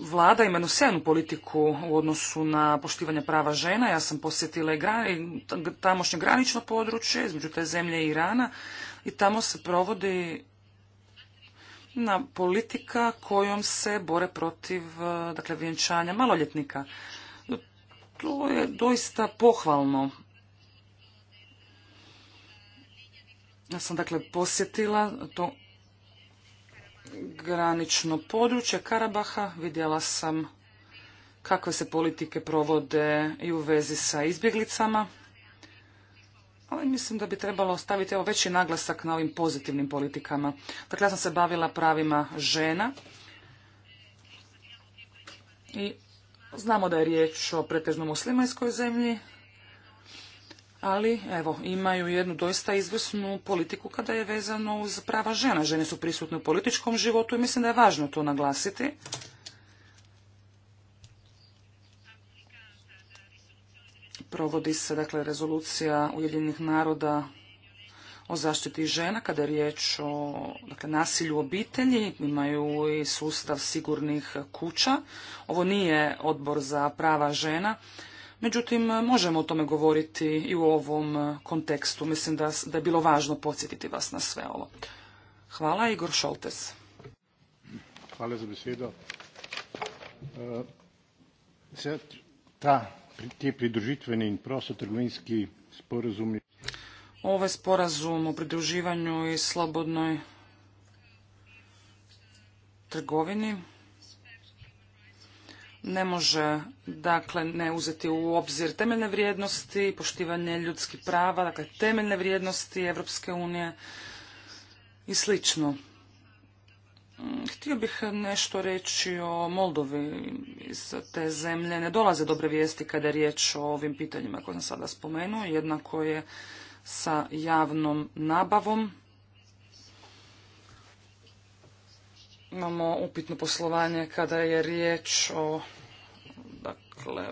vlada ima jednu sjajnu politiku u odnosu na poštivanje prava žena. Ja sam posjetila i tamošnje granično područje između te zemlje i Irana i tamo se provodi na politika kojom se bore protiv e, dakle, vjenčanja maloljetnika. To je doista pohvalno. Ja sam dakle posjetila to granično područje Karabaha, vidjela sam kakve se politike provode i u vezi sa izbjeglicama ali mislim da bi trebalo staviti evo veći naglasak na ovim pozitivnim politikama. Dakle, ja sam se bavila pravima žena i znamo da je riječ o pretežno muslimanskoj zemlji, ali evo, imaju jednu doista izvrsnu politiku kada je vezano uz prava žena. Žene su prisutne u političkom životu i mislim da je važno to naglasiti. Provodi se dakle rezolucija Ujedinjenih naroda o zaštiti žena kada je riječ o dakle, nasilju u obitelji, imaju i sustav sigurnih kuća. Ovo nije odbor za prava žena, međutim možemo o tome govoriti i u ovom kontekstu. Mislim da, da je bilo važno podsjetiti vas na sve ovo. Hvala, Igor Šoltes. Hvala za besedo. E, ta ti pridružitveni i trgovinski sporazumi ovaj sporazum o pridruživanju i slobodnoj trgovini ne može dakle ne uzeti u obzir temeljne vrijednosti, poštivanje ljudskih prava, dakle temeljne vrijednosti Europske unije i slično. Htio bih nešto reći o Moldovi. Iz te zemlje ne dolaze dobre vijesti kada je riječ o ovim pitanjima koje sam sada spomenuo. Jednako je sa javnom nabavom. Imamo upitno poslovanje kada je riječ o dakle,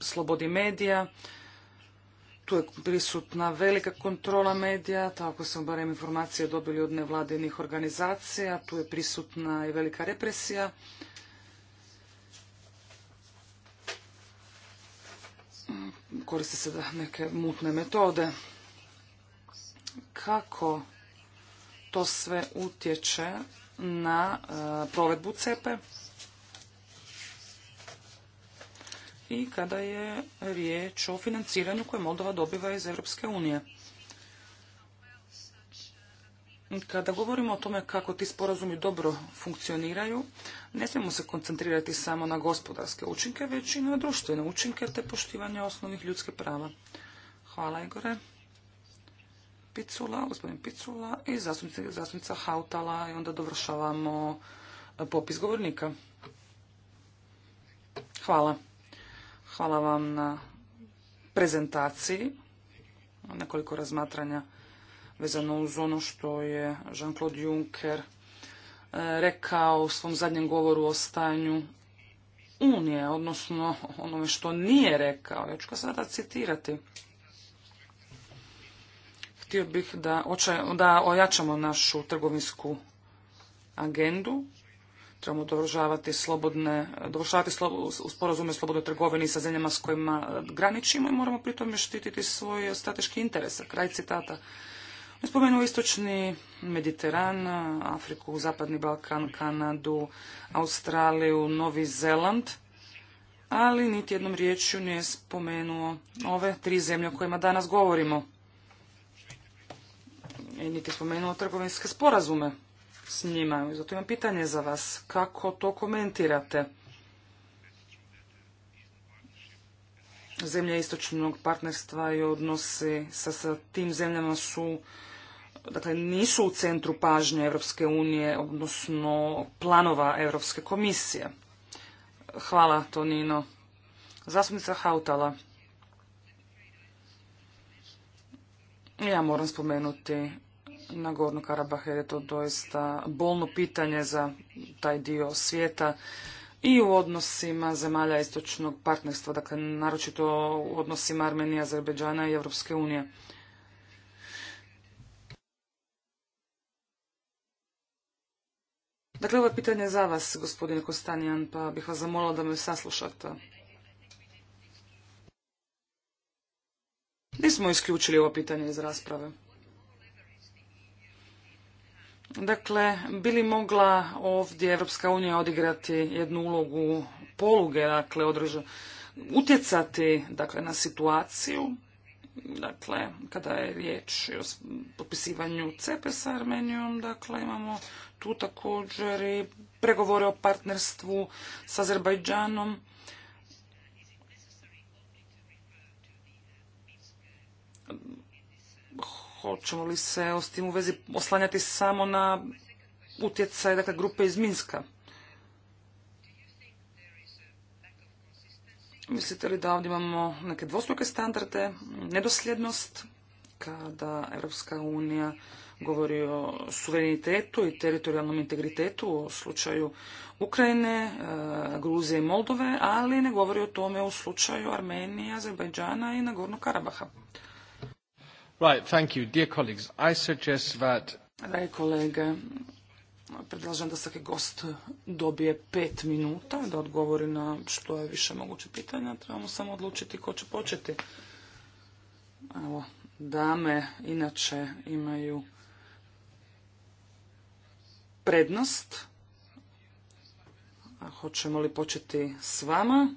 slobodi medija tu je prisutna velika kontrola medija, tako smo barem informacije dobili od nevladinih organizacija, tu je prisutna i velika represija. Koriste se da neke mutne metode. Kako to sve utječe na eh, provedbu CEPE? i kada je riječ o financiranju koje Moldova dobiva iz Europske unije. Kada govorimo o tome kako ti sporazumi dobro funkcioniraju, ne smijemo se koncentrirati samo na gospodarske učinke, već i na društvene učinke te poštivanje osnovnih ljudskih prava. Hvala Igore. Picula, gospodin Picula i zastupnica Hautala i onda dovršavamo popis govornika. Hvala. Hvala vam na prezentaciji, nekoliko razmatranja vezano uz ono što je Jean-Claude Juncker e, rekao u svom zadnjem govoru o stanju Unije, odnosno onome što nije rekao. Ja ću ga sada citirati. Htio bih da ojačamo našu trgovinsku agendu, trebamo dovršavati slobodne, dovršavati sporazume slobodne slobodnoj trgovini sa zemljama s kojima e, graničimo i moramo pritom štititi svoje strateški interes. Kraj citata. On spomenuo istočni Mediteran, Afriku, Zapadni Balkan, Kanadu, Australiju, Novi Zeland, ali niti jednom riječju nije spomenuo ove tri zemlje o kojima danas govorimo. Niti niti spomenuo trgovinske sporazume s njima. Zato imam pitanje za vas. Kako to komentirate? Zemlje istočnog partnerstva i odnosi sa, tim zemljama su dakle nisu u centru pažnje Europske unije, odnosno planova Europske komisije. Hvala Tonino. Zastupnica Hautala. Ja moram spomenuti na Karabah je to doista bolno pitanje za taj dio svijeta i u odnosima zemalja istočnog partnerstva, dakle naročito u odnosima Armenije, Azerbeđana i Europske unije. Dakle, ovo je pitanje za vas, gospodine Kostanijan, pa bih vas zamolila da me saslušate. Nismo isključili ovo pitanje iz rasprave. Dakle, bi li mogla ovdje Europska unija odigrati jednu ulogu poluge, dakle, održa, utjecati dakle, na situaciju, dakle, kada je riječ o popisivanju CEPE sa Armenijom, dakle, imamo tu također i pregovore o partnerstvu sa Azerbajdžanom, Hoćemo li se s tim u vezi oslanjati samo na utjecaj dakle, grupe iz Minska? Mislite li da ovdje imamo neke dvostruke standarde, nedosljednost kada Europska unija govori o suverenitetu i teritorijalnom integritetu u slučaju Ukrajine, e, Gruzije i Moldove, ali ne govori o tome u slučaju Armenije, Azerbajdžana i Nagorno Karabaha. Right, thank Dragi kolege, predlažem da svaki gost dobije pet minuta da odgovori na što je više moguće pitanja. Trebamo samo odlučiti ko će početi. Evo, dame inače imaju prednost. hoćemo li početi s vama?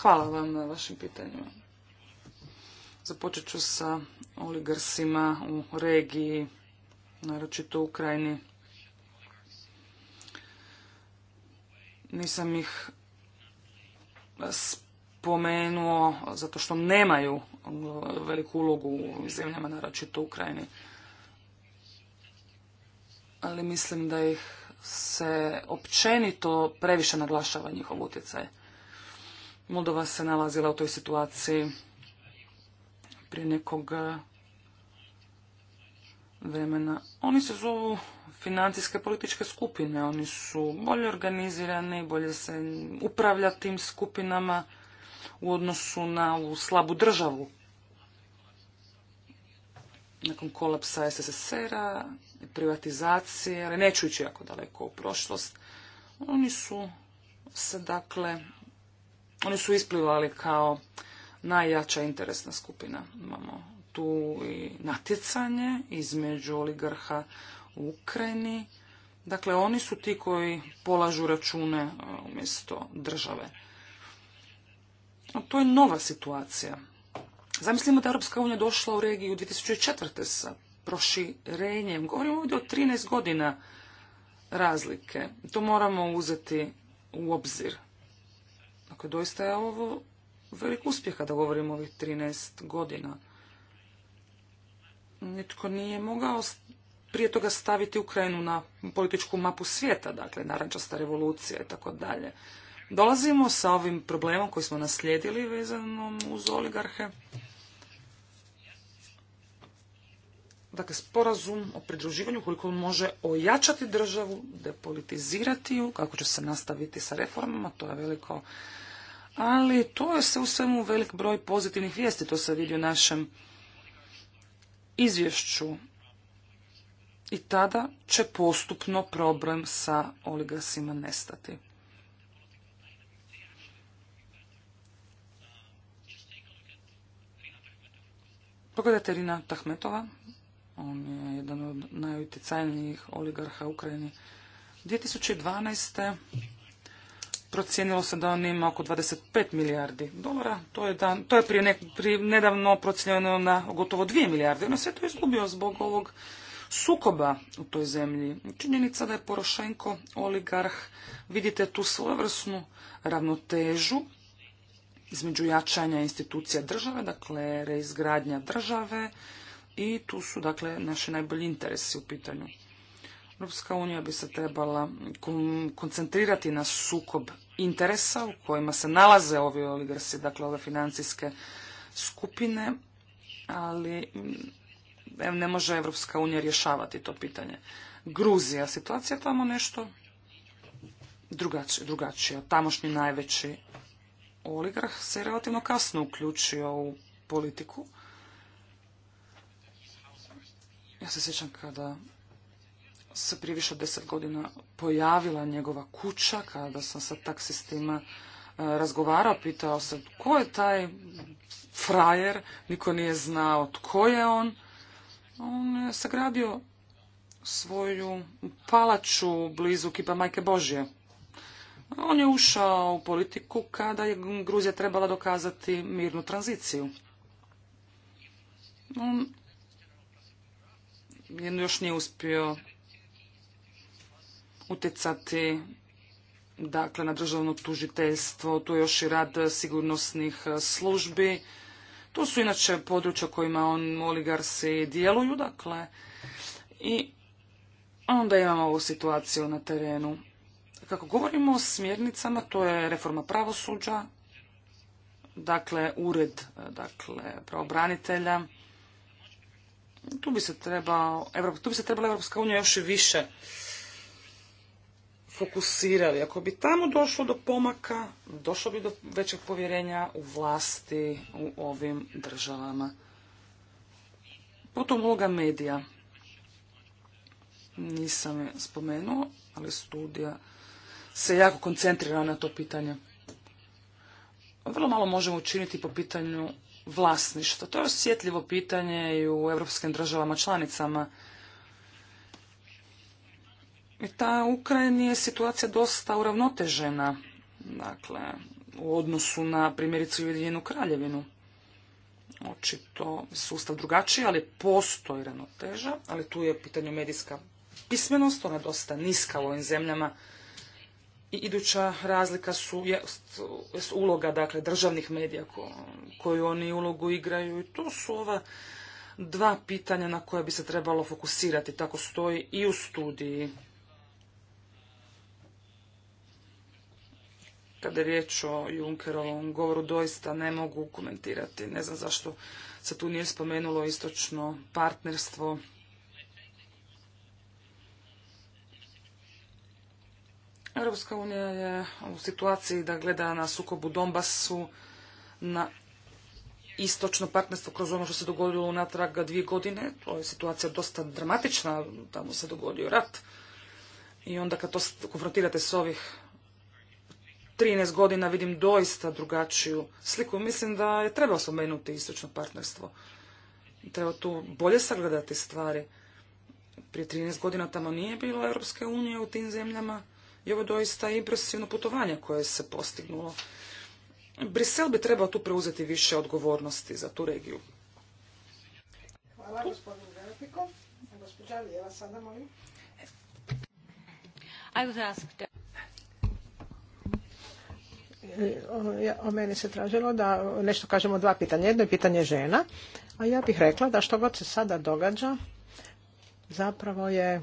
Hvala vam na vašim pitanjima. Započet ću sa oligarsima u regiji, naročito u Ukrajini. Nisam ih spomenuo zato što nemaju veliku ulogu u zemljama, naročito u Ukrajini. Ali mislim da ih se općenito previše naglašava njihov utjecaj. Moldova se nalazila u toj situaciji prije nekog eh, vremena. Oni se zovu financijske političke skupine. Oni su bolje organizirani, bolje se upravlja tim skupinama u odnosu na ovu slabu državu. Nakon kolapsa SSSR-a, privatizacije, ali neću ići jako daleko u prošlost, oni su se dakle oni su isplivali kao najjača interesna skupina. Imamo tu i natjecanje između oligarha u Ukrajini. Dakle, oni su ti koji polažu račune e, umjesto države. No, to je nova situacija. Zamislimo da je Europska unija došla u regiju 2004. sa proširenjem. Govorimo ovdje o 13 godina razlike. To moramo uzeti u obzir. Dakle, doista je ovo velik uspjeh kada govorimo o ovih 13 godina. Nitko nije mogao prije toga staviti Ukrajinu na političku mapu svijeta, dakle, narančasta revolucija i tako dalje. Dolazimo sa ovim problemom koji smo naslijedili vezanom uz oligarhe Dakle, sporazum o pridruživanju koliko on može ojačati državu, depolitizirati ju, kako će se nastaviti sa reformama, to je veliko. Ali to je se u svemu velik broj pozitivnih vijesti, to se vidi u našem izvješću. I tada će postupno problem sa oligarsima nestati. Pogledajte Rina Tahmetova, on je jedan od najutjecajnijih oligarha u Ukrajini. 2012. procijenilo se da on ima oko 25 milijardi dolara. To je, dan, to je nedavno procijenjeno na gotovo 2 milijarde. On je sve to izgubio zbog ovog sukoba u toj zemlji. Činjenica da je Porošenko oligarh. Vidite tu svojevrsnu ravnotežu između jačanja institucija države, dakle reizgradnja države, i tu su dakle naši najbolji interesi u pitanju. Europska unija bi se trebala koncentrirati na sukob interesa u kojima se nalaze ovi oligarsi, dakle ove financijske skupine, ali mm, ne može Europska unija rješavati to pitanje. Gruzija, situacija tamo nešto drugačija. drugačija. Tamošnji najveći oligarh se relativno kasno uključio u politiku ja se sjećam kada se prije više od deset godina pojavila njegova kuća, kada sam sa taksistima e, razgovarao, pitao se ko je taj frajer, niko nije znao tko je on. On je sagradio svoju palaču blizu kipa Majke Božje. On je ušao u politiku kada je Gruzija trebala dokazati mirnu tranziciju. On još nije uspio utjecati dakle, na državno tužiteljstvo, tu je još i rad sigurnosnih službi. To su inače područja kojima on oligarsi djeluju, dakle, i onda imamo ovu situaciju na terenu. Kako govorimo o smjernicama, to je reforma pravosuđa, dakle, ured, dakle, pravobranitelja, tu bi se tu bi se trebala Evropska unija još i više fokusirali. Ako bi tamo došlo do pomaka, došlo bi do većeg povjerenja u vlasti u ovim državama. Potom uloga medija. Nisam je spomenuo, ali studija se jako koncentrira na to pitanje. Vrlo malo možemo učiniti po pitanju vlasništva. To je osjetljivo pitanje i u europskim državama članicama. I ta u Ukrajini je situacija dosta uravnotežena, dakle, u odnosu na primjerice Ujedinjenu kraljevinu. Očito sustav drugačiji, ali postoji ravnoteža, ali tu je pitanje medijska pismenost, ona je dosta niska u ovim zemljama iduća razlika su uloga dakle državnih medija koju oni ulogu igraju i to su ova dva pitanja na koja bi se trebalo fokusirati, tako stoji i u studiji. Kada je riječ o Junkerovom govoru, doista ne mogu komentirati. Ne znam zašto se tu nije spomenulo istočno partnerstvo. Europska unija je u situaciji da gleda na sukobu Donbasu, na istočno partnerstvo kroz ono što se dogodilo unatrag dvije godine. To je situacija dosta dramatična, tamo se dogodio rat. I onda kad to konfrontirate s ovih 13 godina vidim doista drugačiju sliku. Mislim da je treba spomenuti istočno partnerstvo. Treba tu bolje sagledati stvari. Prije 13 godina tamo nije bilo Europske unije u tim zemljama. I ovo je doista impresivno putovanje koje se postignulo. Brisel bi trebao tu preuzeti više odgovornosti za tu regiju. Hvala gospodinu Gospođa Lijeva sada molim. E, o meni se tražilo da nešto kažemo dva pitanja. Jedno je pitanje žena, a ja bih rekla da što god se sada događa zapravo je,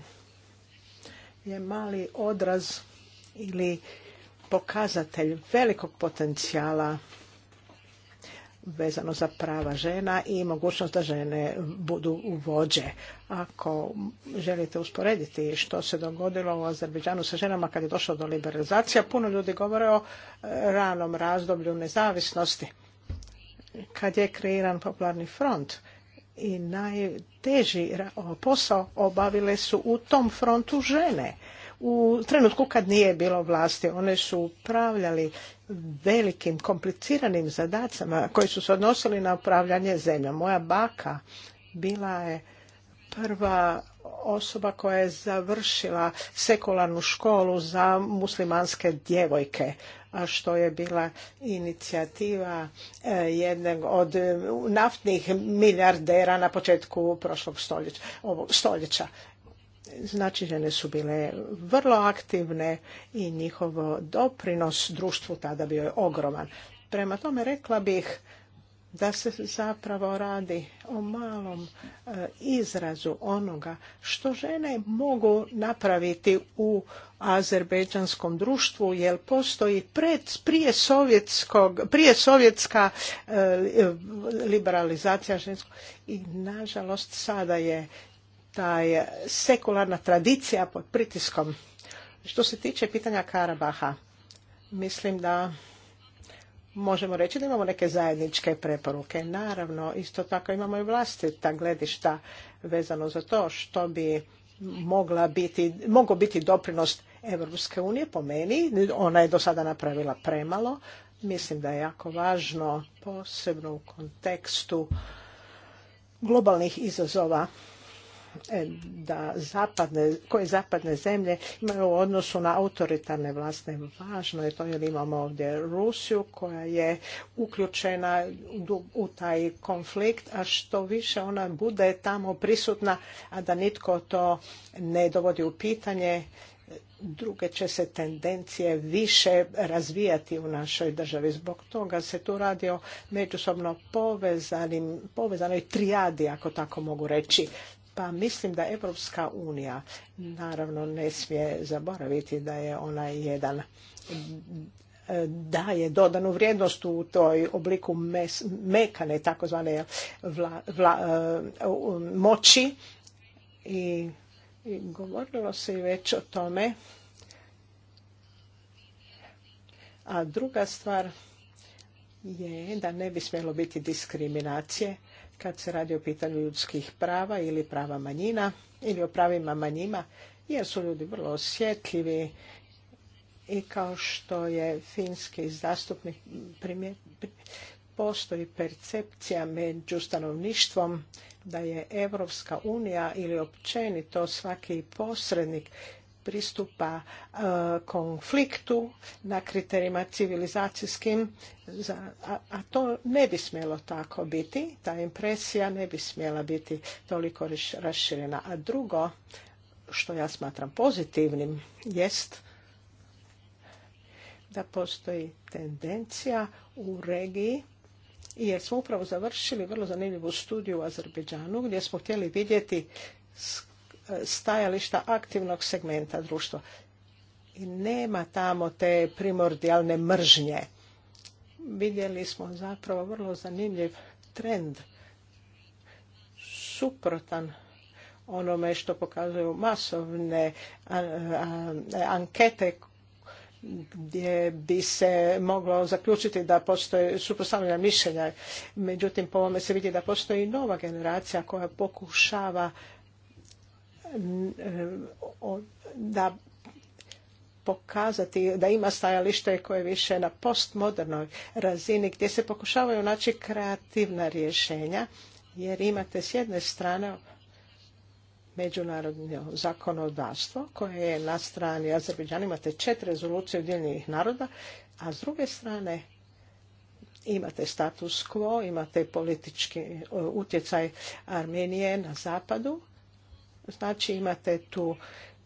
je mali odraz ili pokazatelj velikog potencijala vezano za prava žena i mogućnost da žene budu vođe. Ako želite usporediti što se dogodilo u Azerbejdžanu sa ženama kad je došlo do liberalizacija, puno ljudi govore o e, ranom razdoblju nezavisnosti. Kad je kreiran popularni front i najteži posao obavile su u tom frontu žene u trenutku kad nije bilo vlasti. One su upravljali velikim, kompliciranim zadacama koji su se odnosili na upravljanje zemljom. Moja baka bila je prva osoba koja je završila sekularnu školu za muslimanske djevojke a što je bila inicijativa e, jednog od e, naftnih milijardera na početku prošlog stoljeća. Znači, žene su bile vrlo aktivne i njihov doprinos društvu tada bio je ogroman. Prema tome rekla bih da se zapravo radi o malom e, izrazu onoga što žene mogu napraviti u azerbejdžanskom društvu jer postoji pred, prije, sovjetskog, prije sovjetska e, e, liberalizacija ženskog i nažalost sada je ta je sekularna tradicija pod pritiskom. Što se tiče pitanja Karabaha, mislim da možemo reći da imamo neke zajedničke preporuke. Naravno, isto tako imamo i vlastita gledišta vezano za to što bi mogla biti, mogao biti doprinos Evropske unije po meni. Ona je do sada napravila premalo. Mislim da je jako važno, posebno u kontekstu globalnih izazova E, da zapadne, koje zapadne zemlje imaju u odnosu na autoritarne vlastne važno je to jer imamo ovdje Rusiju koja je uključena u taj konflikt, a što više ona bude tamo prisutna, a da nitko to ne dovodi u pitanje, druge će se tendencije više razvijati u našoj državi. Zbog toga se tu radi o međusobno povezanim, povezanoj trijadi, ako tako mogu reći pa mislim da Evropska unija naravno ne smije zaboraviti da je ona jedan daje dodanu vrijednost u toj obliku mekane takozvane e, moći i, i govorilo se i već o tome a druga stvar je da ne bi smjelo biti diskriminacije kad se radi o pitanju ljudskih prava ili prava manjina ili o pravima manjima jer su ljudi vrlo osjetljivi i kao što je finski zastupnik primjer, postoji percepcija među stanovništvom da je Evropska unija ili općenito svaki posrednik pristupa e, konfliktu na kriterijima civilizacijskim, a to ne bi smjelo tako biti, ta impresija ne bi smjela biti toliko raširena. A drugo, što ja smatram pozitivnim, jest da postoji tendencija u regiji jer smo upravo završili vrlo zanimljivu studiju u Azerbejdžanu gdje smo htjeli vidjeti s stajališta aktivnog segmenta društva. I nema tamo te primordijalne mržnje. Vidjeli smo zapravo vrlo zanimljiv trend suprotan onome što pokazuju masovne ankete gdje bi se moglo zaključiti da postoje suprotstavljena mišljenja. Međutim, po ovome se vidi da postoji nova generacija koja pokušava E, da pokazati da ima stajalište koje više na postmodernoj razini gdje se pokušavaju naći kreativna rješenja jer imate s jedne strane međunarodno zakonodavstvo koje je na strani Azerbejdžana imate četiri rezolucije Ujedinjenih naroda, a s druge strane imate status quo, imate politički e, utjecaj Armenije na zapadu Znači imate tu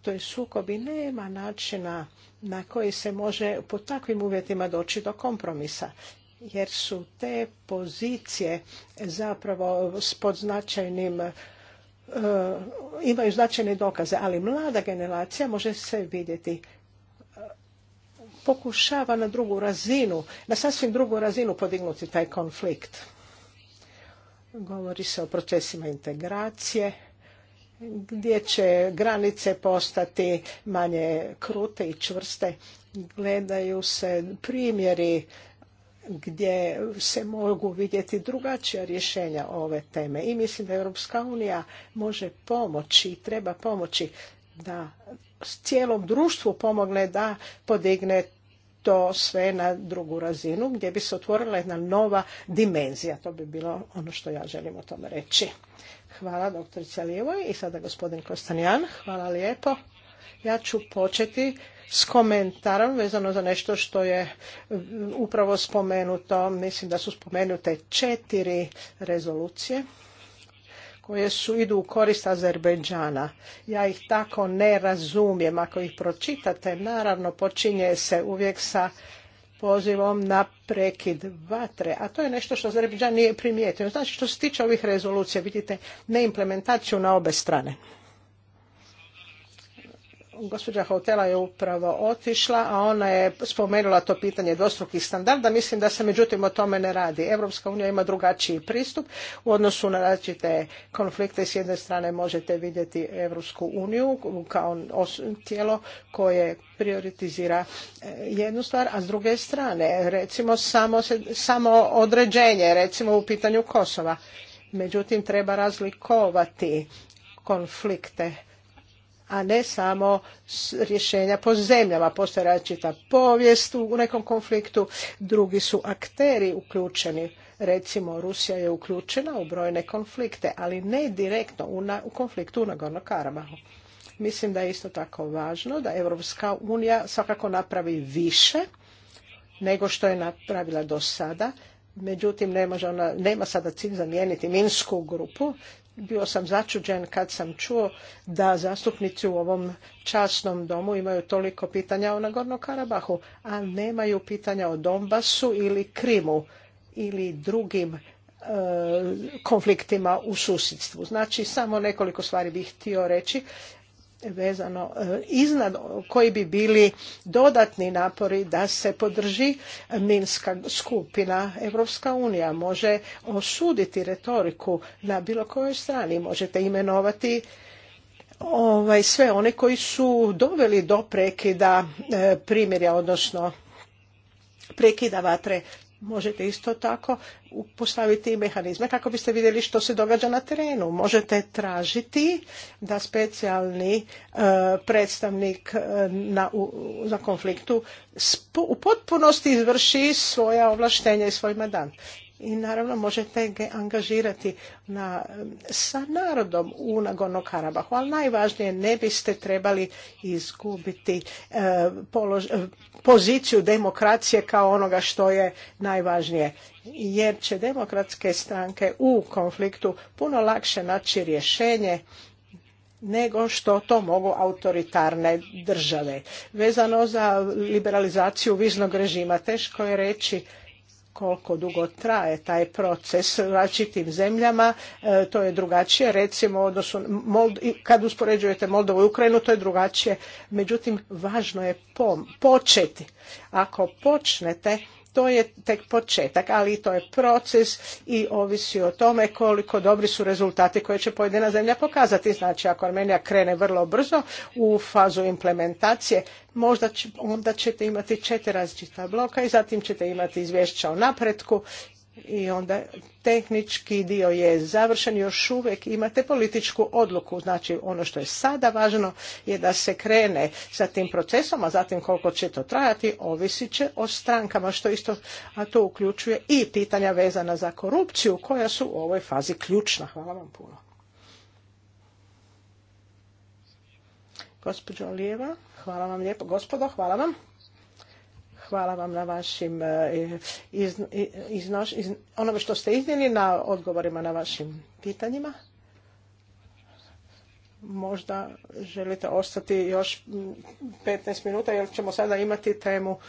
to sukob i nema načina na koji se može po takvim uvjetima doći do kompromisa jer su te pozicije zapravo s podznačajnim e, imaju značajne dokaze, ali mlada generacija može se vidjeti e, pokušava na drugu razinu, na sasvim drugu razinu podignuti taj konflikt. Govori se o procesima integracije, gdje će granice postati manje krute i čvrste. Gledaju se primjeri gdje se mogu vidjeti drugačija rješenja ove teme. I mislim da Europska unija može pomoći i treba pomoći da cijelom društvu pomogne da podigne to sve na drugu razinu gdje bi se otvorila jedna nova dimenzija. To bi bilo ono što ja želim o tome reći. Hvala dr. Lijevoj i sada gospodin Kostanjan. Hvala lijepo. Ja ću početi s komentarom vezano za nešto što je mm, upravo spomenuto. Mislim da su spomenute četiri rezolucije koje su idu u korist Azerbejdžana. Ja ih tako ne razumijem. Ako ih pročitate, naravno počinje se uvijek sa pozivom na prekid vatre. A to je nešto što Azerbejdžan nije primijetio. Znači što se tiče ovih rezolucija, vidite neimplementaciju na obe strane gospođa Hotela je upravo otišla, a ona je spomenula to pitanje dvostrukih standarda. Mislim da se međutim o tome ne radi. Europska unija ima drugačiji pristup u odnosu na različite konflikte. S jedne strane možete vidjeti Europsku uniju kao tijelo koje prioritizira e, jednu stvar, a s druge strane recimo samo, samo određenje, recimo u pitanju Kosova. Međutim, treba razlikovati konflikte a ne samo rješenja po zemljama. Postoje različita povijest u nekom konfliktu, drugi su akteri uključeni. Recimo, Rusija je uključena u brojne konflikte, ali ne direktno u, u konfliktu u Nagorno-Karabahu. Mislim da je isto tako važno da Europska unija svakako napravi više nego što je napravila do sada. Međutim, ne može ona, nema sada cilj zamijeniti Minsku grupu bio sam začuđen kad sam čuo da zastupnici u ovom časnom domu imaju toliko pitanja o Nagorno Karabahu, a nemaju pitanja o Donbasu ili Krimu ili drugim e, konfliktima u susjedstvu. Znači, samo nekoliko stvari bih htio reći vezano e, iznad koji bi bili dodatni napori da se podrži Minska skupina. Europska unija može osuditi retoriku na bilo kojoj strani. Možete imenovati ovaj, sve one koji su doveli do prekida e, primjerja, odnosno prekida vatre možete isto tako postaviti mehanizme kako biste vidjeli što se događa na terenu. Možete tražiti da specijalni e, predstavnik e, na, konfliktu u potpunosti izvrši svoja ovlaštenja i svoj mandat i naravno možete ga angažirati na, sa narodom u Nagorno Karabahu, ali najvažnije ne biste trebali izgubiti e, e, poziciju demokracije kao onoga što je najvažnije. Jer će demokratske stranke u konfliktu puno lakše naći rješenje nego što to mogu autoritarne države. Vezano za liberalizaciju viznog režima, teško je reći koliko dugo traje taj proces u različitim zemljama, e, to je drugačije. Recimo, odnosno kad uspoređujete Moldovu i Ukrajinu, to je drugačije. Međutim, važno je početi. Ako počnete, to je tek početak, ali to je proces i ovisi o tome koliko dobri su rezultati koje će pojedina zemlja pokazati. Znači, ako Armenija krene vrlo brzo u fazu implementacije, onda ćete imati četiri različita bloka i zatim ćete imati izvješća o napretku i onda tehnički dio je završen, još uvijek imate političku odluku. Znači ono što je sada važno je da se krene sa tim procesom, a zatim koliko će to trajati, ovisit će o strankama, što isto, a to uključuje i pitanja vezana za korupciju koja su u ovoj fazi ključna. Hvala vam puno. Gospođo Lijeva, hvala vam lijepo. Gospodo, hvala vam. Hvala vam na vašim e, onome što ste iznijeli na odgovorima na vašim pitanjima. Možda želite ostati još 15 minuta jer ćemo sada imati temu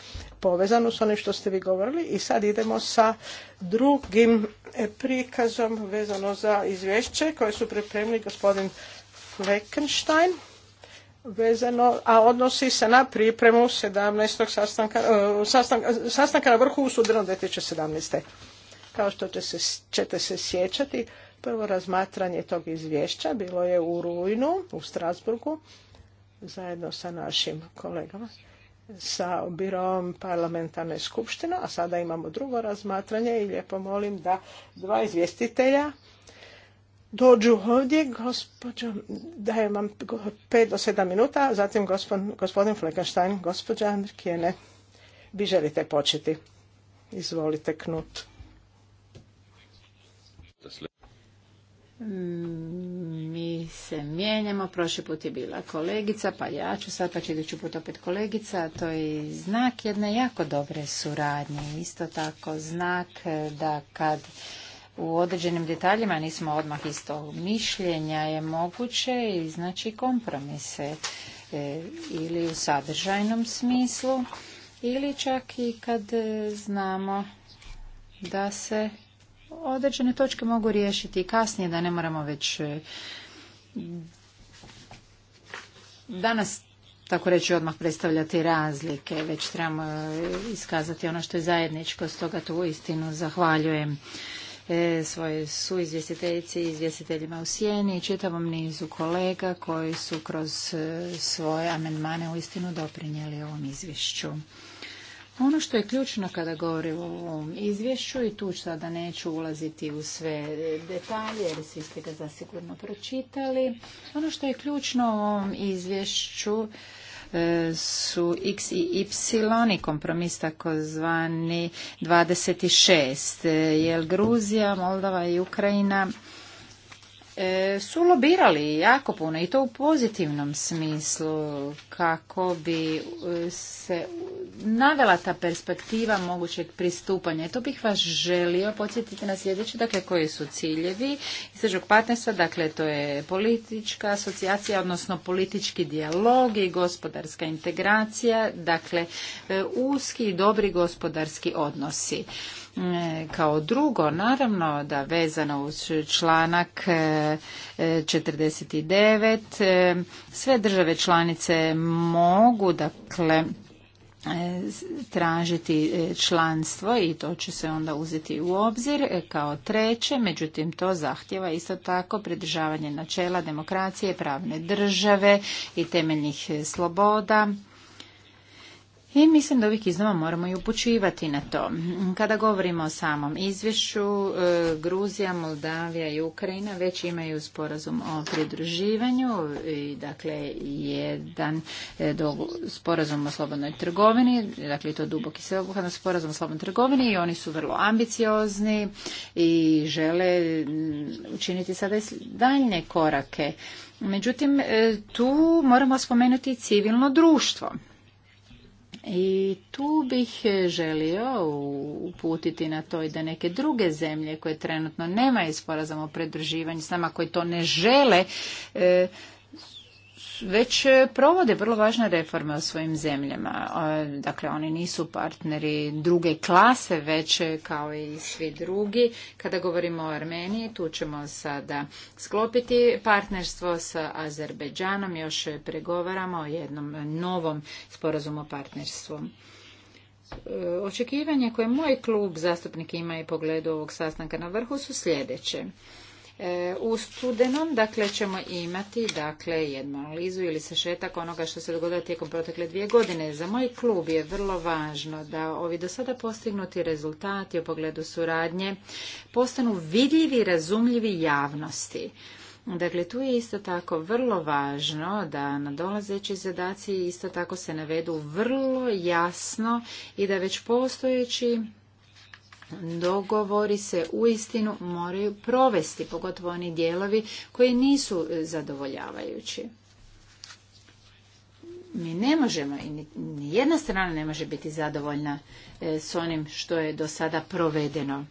povezanu s onim što ste vi govorili i sad idemo sa drugim e, prikazom vezano za izvješće koje su pripremili gospodin Fleckenstein vezano, a odnosi se na pripremu 17. E, sastanka, sastanka, na vrhu u studenom 2017. Kao što se, ćete se sjećati, prvo razmatranje tog izvješća bilo je u Rujnu, u Strasburgu, zajedno sa našim kolegama, sa birom parlamentarne skupštine, a sada imamo drugo razmatranje i lijepo molim da dva izvjestitelja dođu ovdje, gospođo, dajem vam pet do sedam minuta, zatim gospodin, gospodin gospođa Andrkijene, vi želite početi. Izvolite, Knut. Mm, mi se mijenjamo, prošli put je bila kolegica, pa ja ću sad, pa će idući put opet kolegica. To je znak jedne jako dobre suradnje. Isto tako znak da kad u određenim detaljima nismo odmah isto mišljenja je moguće i znači kompromise e, ili u sadržajnom smislu ili čak i kad e, znamo da se određene točke mogu riješiti i kasnije da ne moramo već e, danas tako reći odmah predstavljati razlike, već trebamo iskazati ono što je zajedničko, stoga tu istinu zahvaljujem E, svoje su i izvjestiteljima u sjeni i čitavom nizu kolega koji su kroz e, svoje amendmane uistinu doprinijeli ovom izvješću. Ono što je ključno kada govorim o ovom izvješću i tu sada neću ulaziti u sve detalje jer svi ste ga zasigurno pročitali. Ono što je ključno u ovom izvješću E, su x i y i kompromis takozvani 26. E, jel Gruzija, Moldova i Ukrajina e, su lobirali jako puno i to u pozitivnom smislu kako bi se navela ta perspektiva mogućeg pristupanja. I to bih vas želio podsjetiti na sljedeće, dakle, koji su ciljevi istražnog partnerstva, dakle, to je politička asocijacija, odnosno politički dijalog i gospodarska integracija, dakle, e, uski i dobri gospodarski odnosi. E, kao drugo, naravno da vezano uz članak 49, e, sve države članice mogu, dakle, E, tražiti e, članstvo i to će se onda uzeti u obzir e, kao treće, međutim to zahtjeva isto tako pridržavanje načela demokracije, pravne države i temeljnih sloboda i mislim da uvijek iznova moramo i upućivati na to. Kada govorimo o samom izvješću, e, Gruzija, Moldavija i Ukrajina već imaju sporazum o pridruživanju, i dakle jedan e, sporazum o slobodnoj trgovini, dakle to duboki sveobuhvatan sporazum o slobodnoj trgovini i oni su vrlo ambiciozni i žele mm, učiniti sada daljne korake. Međutim, e, tu moramo spomenuti civilno društvo. I tu bih e, želio uputiti na to i da neke druge zemlje koje trenutno nemaju sporazum o predruživanju, s nama, koji to ne žele, e, već provode vrlo važne reforme u svojim zemljama. Dakle, oni nisu partneri druge klase, već kao i svi drugi. Kada govorimo o Armeniji, tu ćemo sada sklopiti partnerstvo sa Azerbeđanom. Još pregovaramo o jednom novom sporazumu o partnerstvu. E, očekivanje koje moj klub zastupnik ima i pogledu ovog sastanka na vrhu su sljedeće. E, u studenom, dakle ćemo imati dakle jednu analizu ili šetak onoga što se dogodilo tijekom protekle dvije godine. Za moj klub je vrlo važno da ovi do sada postignuti rezultati u pogledu suradnje postanu vidljivi, razumljivi javnosti. Dakle, tu je isto tako vrlo važno da nadolazeći zadaci isto tako se navedu vrlo jasno i da već postojeći dogovori se uistinu moraju provesti, pogotovo oni dijelovi koji nisu zadovoljavajući. Mi ne možemo, i ni jedna strana ne može biti zadovoljna e, s onim što je do sada provedeno.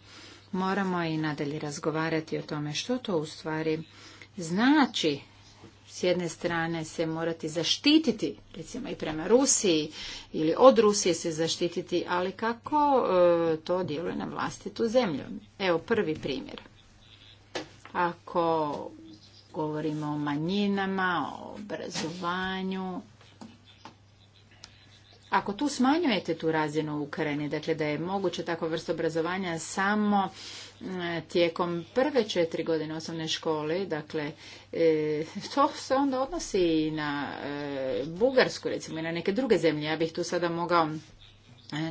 Moramo i nadalje razgovarati o tome što to u stvari znači s jedne strane se morati zaštititi, recimo i prema Rusiji ili od Rusije se zaštititi, ali kako e, to djeluje na vlastitu zemlju. Evo prvi primjer. Ako govorimo o manjinama, o obrazovanju, ako tu smanjujete tu razinu Ukrajine, dakle da je moguće takva vrsta obrazovanja samo E, tijekom prve četiri godine osnovne škole, dakle, e, to se onda odnosi i na e, Bugarsku, recimo, i na neke druge zemlje. Ja bih tu sada mogao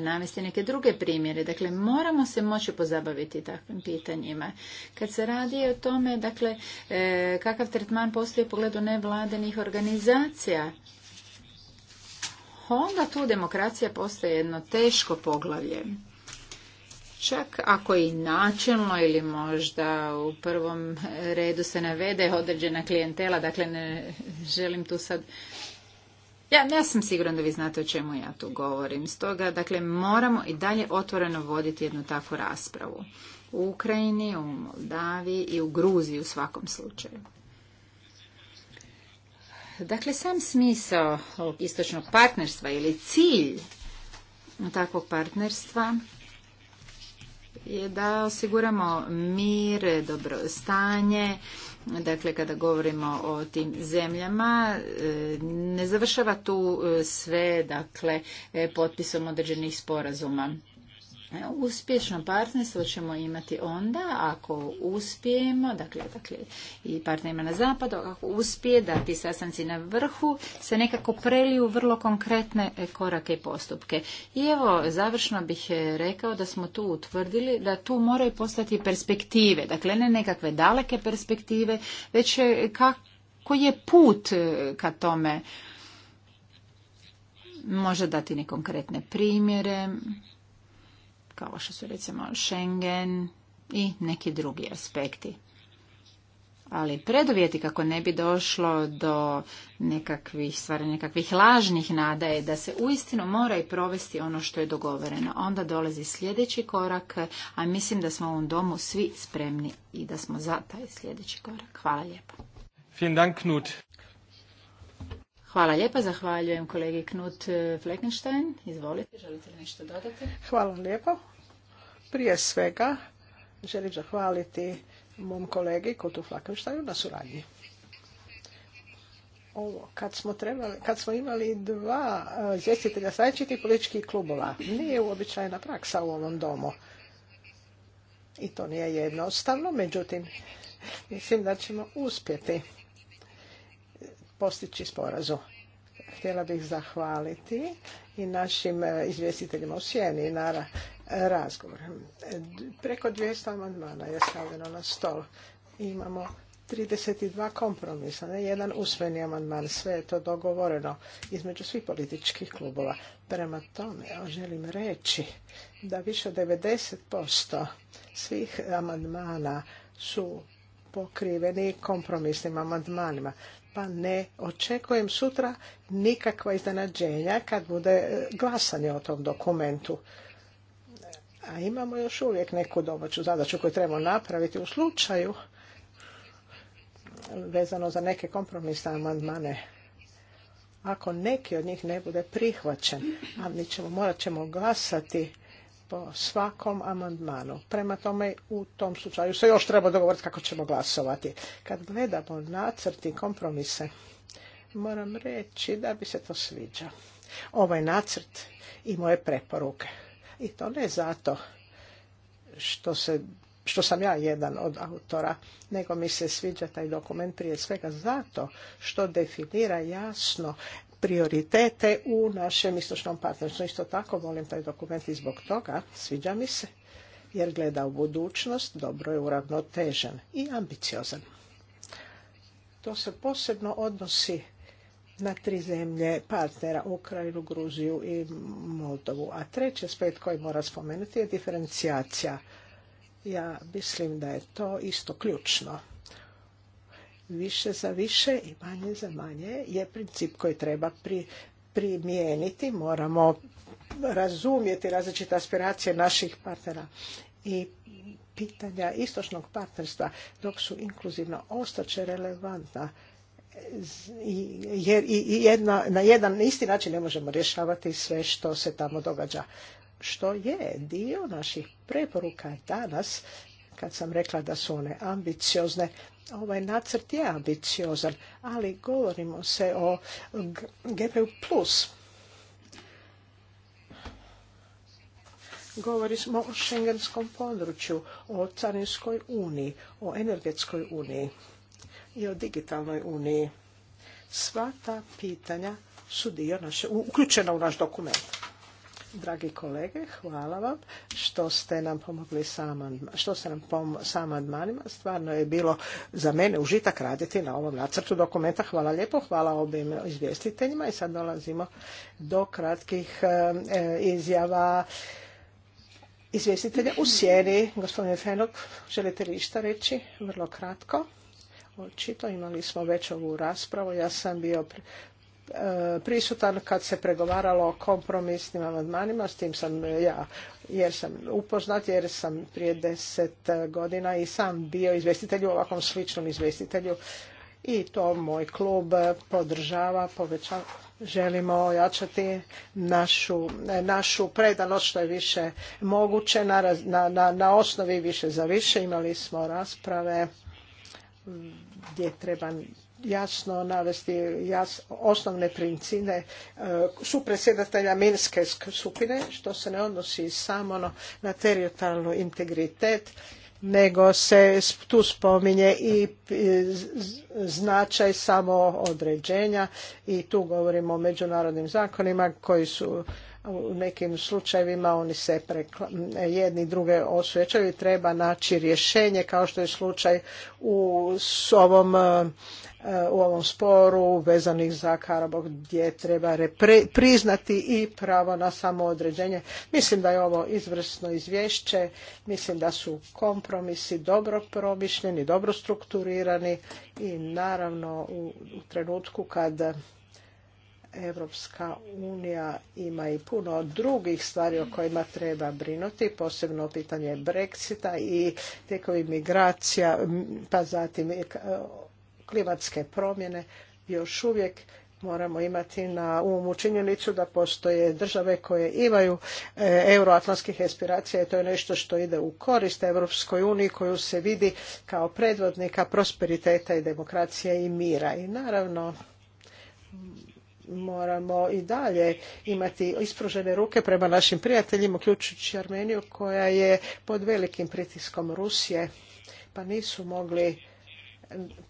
navesti neke druge primjere. Dakle, moramo se moći pozabaviti takvim pitanjima. Kad se radi o tome, dakle, kakav tretman postoji u pogledu nevladenih organizacija, onda tu demokracija postaje jedno teško poglavlje. Čak ako i načelno ili možda u prvom redu se navede određena klijentela, dakle ne želim tu sad ja, ne sam siguran da vi znate o čemu ja tu govorim. Stoga, dakle, moramo i dalje otvoreno voditi jednu takvu raspravu. U Ukrajini, u Moldavi i u Gruziji u svakom slučaju. Dakle, sam smisao istočnog partnerstva ili cilj takvog partnerstva je da osiguramo mir, dobrostanje, dakle kada govorimo o tim zemljama e, ne završava tu e, sve dakle e, potpisom određenih sporazuma Uspješno partnerstvo ćemo imati onda ako uspijemo, dakle, dakle i partnerima na zapadu, ako uspije da ti sastanci na vrhu se nekako preliju vrlo konkretne e, korake i postupke. I evo, završno bih e, rekao da smo tu utvrdili da tu moraju postati perspektive, dakle ne nekakve daleke perspektive, već e, koji je put ka tome može dati nekonkretne primjere, kao što su recimo Schengen i neki drugi aspekti. Ali preduvjeti kako ne bi došlo do nekakvih stvari, nekakvih lažnih nada je da se uistinu mora i provesti ono što je dogovoreno. Onda dolazi sljedeći korak, a mislim da smo u ovom domu svi spremni i da smo za taj sljedeći korak. Hvala lijepo. Hvala lijepa, zahvaljujem kolegi Knut e, Fleckenstein. Izvolite, želite li nešto dodati? Hvala lijepo. Prije svega želim zahvaliti mom kolegi Kutu Fleckensteinu na suradnji. Ovo, kad, smo trebali, kad smo imali dva e, izvjestitelja različitih političkih klubova, nije uobičajena praksa u ovom domu. I to nije jednostavno, međutim, mislim da ćemo uspjeti postići sporazum. Htjela bih zahvaliti i našim e, izvjestiteljima u Sjeni na razgovor. E, preko 200 amandmana je stavljeno na stol. Imamo 32 kompromisa, ne jedan usmeni amandman, sve je to dogovoreno između svih političkih klubova. Prema tome, želim reći da više od 90% svih amandmana su pokriveni kompromisnim amandmanima pa ne očekujem sutra nikakva iznenađenja kad bude e, glasanje o tom dokumentu. A imamo još uvijek neku domaću zadaću koju trebamo napraviti u slučaju vezano za neke kompromisne amandmane. Ako neki od njih ne bude prihvaćen, a mi ćemo, morat ćemo glasati po svakom amandmanu. Prema tome, u tom slučaju se još treba dogovoriti kako ćemo glasovati. Kad gledamo nacrt i kompromise, moram reći da bi se to sviđa. Ovaj nacrt i moje preporuke. I to ne zato što se što sam ja jedan od autora, nego mi se sviđa taj dokument prije svega zato što definira jasno prioritete u našem istočnom partnerstvu. Isto tako volim taj dokument i zbog toga sviđa mi se jer gleda u budućnost, dobro je uravnotežen i ambiciozan. To se posebno odnosi na tri zemlje partnera, Ukrajinu, Gruziju i Moldovu. A treći aspekt koji mora spomenuti je diferencijacija. Ja mislim da je to isto ključno više za više i manje za manje je princip koji treba pri, primijeniti. Moramo razumjeti različite aspiracije naših partnera i pitanja istočnog partnerstva dok su inkluzivno ostaće relevantna i jedna, na jedan isti način ne možemo rješavati sve što se tamo događa. Što je dio naših preporuka danas, kad sam rekla da su one ambiciozne, ovaj nacrt je ambiciozan, ali govorimo se o GPU+. Govorimo o šengenskom području, o carinskoj uniji, o energetskoj uniji i o digitalnoj uniji. Sva ta pitanja su dio naše, uključena u naš dokument. Dragi kolege, hvala vam što ste nam pomogli sama, što ste nam sa amandmanima. Stvarno je bilo za mene užitak raditi na ovom nacrtu dokumenta. Hvala lijepo, hvala obim izvjestiteljima i sad dolazimo do kratkih e, e, izjava izvjestitelja u sjeri. Gospodine Fenog, želite li išta reći? Vrlo kratko. Očito imali smo već ovu raspravu. Ja sam bio E, prisutan kad se pregovaralo o kompromisnim amandmanima, s tim sam e, ja jer sam upoznat, jer sam prije deset godina i sam bio u ovakvom sličnom izvjestitelju i to moj klub podržava, poveća Želimo ojačati našu, e, našu predanost što je više moguće na, na, na osnovi više za više. Imali smo rasprave gdje treba jasno navesti osnovne principe e, su predsjedatelja Minske skupine, što se ne odnosi samo na teritorijalnu integritet, nego se tu spominje i značaj samo određenja i tu govorimo o međunarodnim zakonima koji su u nekim slučajevima oni se jedni druge osvećaju i treba naći rješenje kao što je slučaj u s ovom E, u ovom sporu vezanih za Karabog gdje treba priznati i pravo na samoodređenje. Mislim da je ovo izvrsno izvješće, mislim da su kompromisi dobro promišljeni, dobro strukturirani i naravno u trenutku kad Evropska unija ima i puno drugih stvari o kojima treba brinuti, posebno pitanje Brexita i tijekovi migracija, pa zatim klimatske promjene još uvijek moramo imati na umu činjenicu da postoje države koje imaju e, euroatlantskih aspiracija i to je nešto što ide u korist Europskoj uniji koju se vidi kao predvodnika prosperiteta i demokracije i mira. I naravno moramo i dalje imati ispružene ruke prema našim prijateljima, uključujući Armeniju koja je pod velikim pritiskom Rusije pa nisu mogli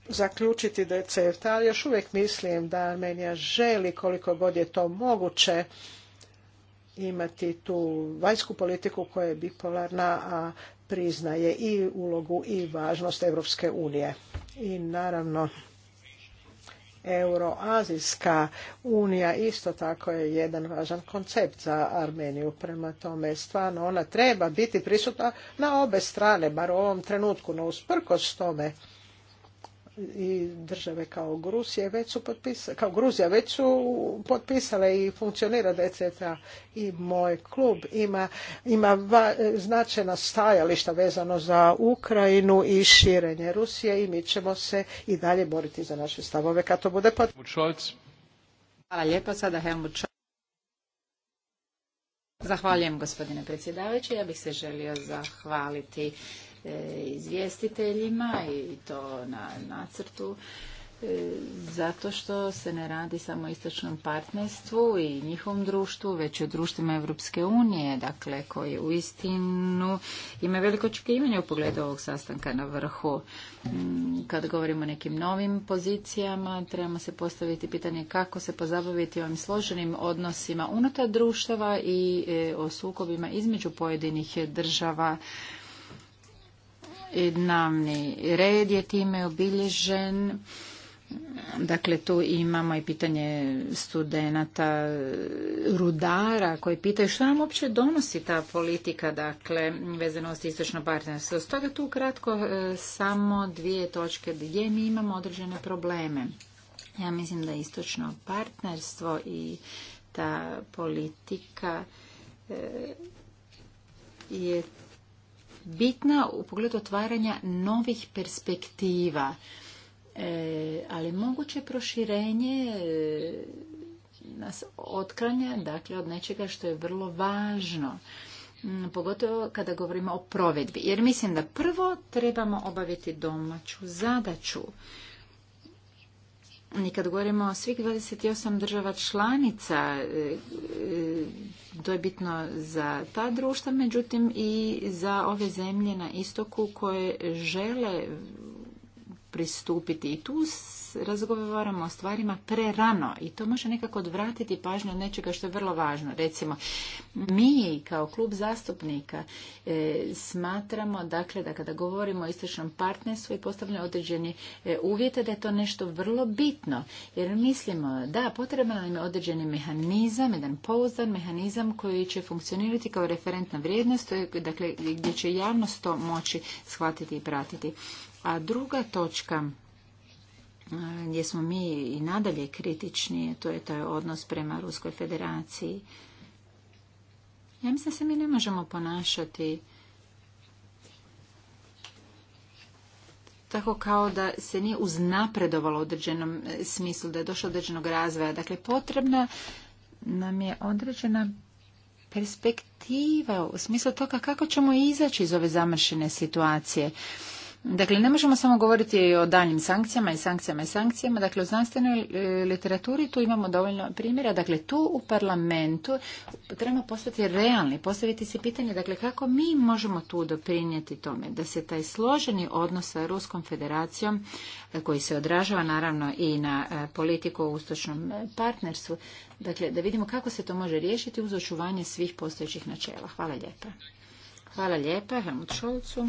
zaključiti da je CFTA, ali još uvijek mislim da Armenija želi koliko god je to moguće imati tu vanjsku politiku koja je bipolarna, a priznaje i ulogu i važnost Europske unije. I naravno Euroazijska unija isto tako je jedan važan koncept za Armeniju. Prema tome, stvarno ona treba biti prisutna na obe strane, bar u ovom trenutku, no usprkos tome i države kao Gruzija već su potpisale, kao Gruzija već su potpisale i funkcionira DCTA i moj klub ima, ima va, značajna stajališta vezano za Ukrajinu i širenje Rusije i mi ćemo se i dalje boriti za naše stavove kad to bude pot Hvala lijepa, sada Scholz. Zahvaljujem gospodine predsjedavajući. Ja bih se želio zahvaliti E, izvjestiteljima i to na nacrtu e, zato što se ne radi samo o istočnom partnerstvu i njihovom društvu, već o društvima Evropske unije, dakle, koji u istinu ima veliko očekivanje u pogledu ovog sastanka na vrhu. Mm, kad govorimo o nekim novim pozicijama, trebamo se postaviti pitanje kako se pozabaviti ovim složenim odnosima unutar društava i e, o sukobima između pojedinih država dnevni red je time obilježen. Dakle, tu imamo i pitanje studenta rudara koji pitaju što nam uopće donosi ta politika, dakle, vezanost istočno partnerstvo. Stoga tu kratko e, samo dvije točke gdje mi imamo određene probleme. Ja mislim da istočno partnerstvo i ta politika e, je bitna u pogledu otvaranja novih perspektiva, e, ali moguće proširenje e, nas otkranja dakle, od nečega što je vrlo važno mm, pogotovo kada govorimo o provedbi. Jer mislim da prvo trebamo obaviti domaću zadaću. I kad govorimo o svih 28 država članica, e, to je bitno za ta društva, međutim i za ove zemlje na istoku koje žele pristupiti. I tu razgovaramo o stvarima prerano i to može nekako odvratiti pažnju od nečega što je vrlo važno. Recimo, mi kao klub zastupnika e, smatramo dakle da kada govorimo o istočnom partnerstvu i postavljamo određeni e, uvjete da je to nešto vrlo bitno. Jer mislimo da potreban nam je određeni mehanizam, jedan pouzdan mehanizam koji će funkcionirati kao referentna vrijednost, dakle gdje će javnost to moći shvatiti i pratiti. A druga točka e, gdje smo mi i nadalje kritični, to je taj odnos prema Ruskoj federaciji. Ja mislim da se mi ne možemo ponašati tako kao da se nije uznapredovalo u određenom e, smislu, da je došlo određenog razvoja. Dakle, potrebna nam je određena perspektiva u smislu toga kako ćemo izaći iz ove zamršene situacije. Dakle, ne možemo samo govoriti o daljim sankcijama i sankcijama i sankcijama. Dakle, u znanstvenoj e, literaturi tu imamo dovoljno primjera. Dakle, tu u parlamentu treba postati realni, postaviti se pitanje, dakle, kako mi možemo tu doprinijeti tome da se taj složeni odnos sa Ruskom federacijom, e, koji se odražava naravno i na e, politiku o ustočnom partnerstvu, dakle, da vidimo kako se to može riješiti uz očuvanje svih postojećih načela. Hvala lijepa. Hvala lijepa Helmut Šolcu.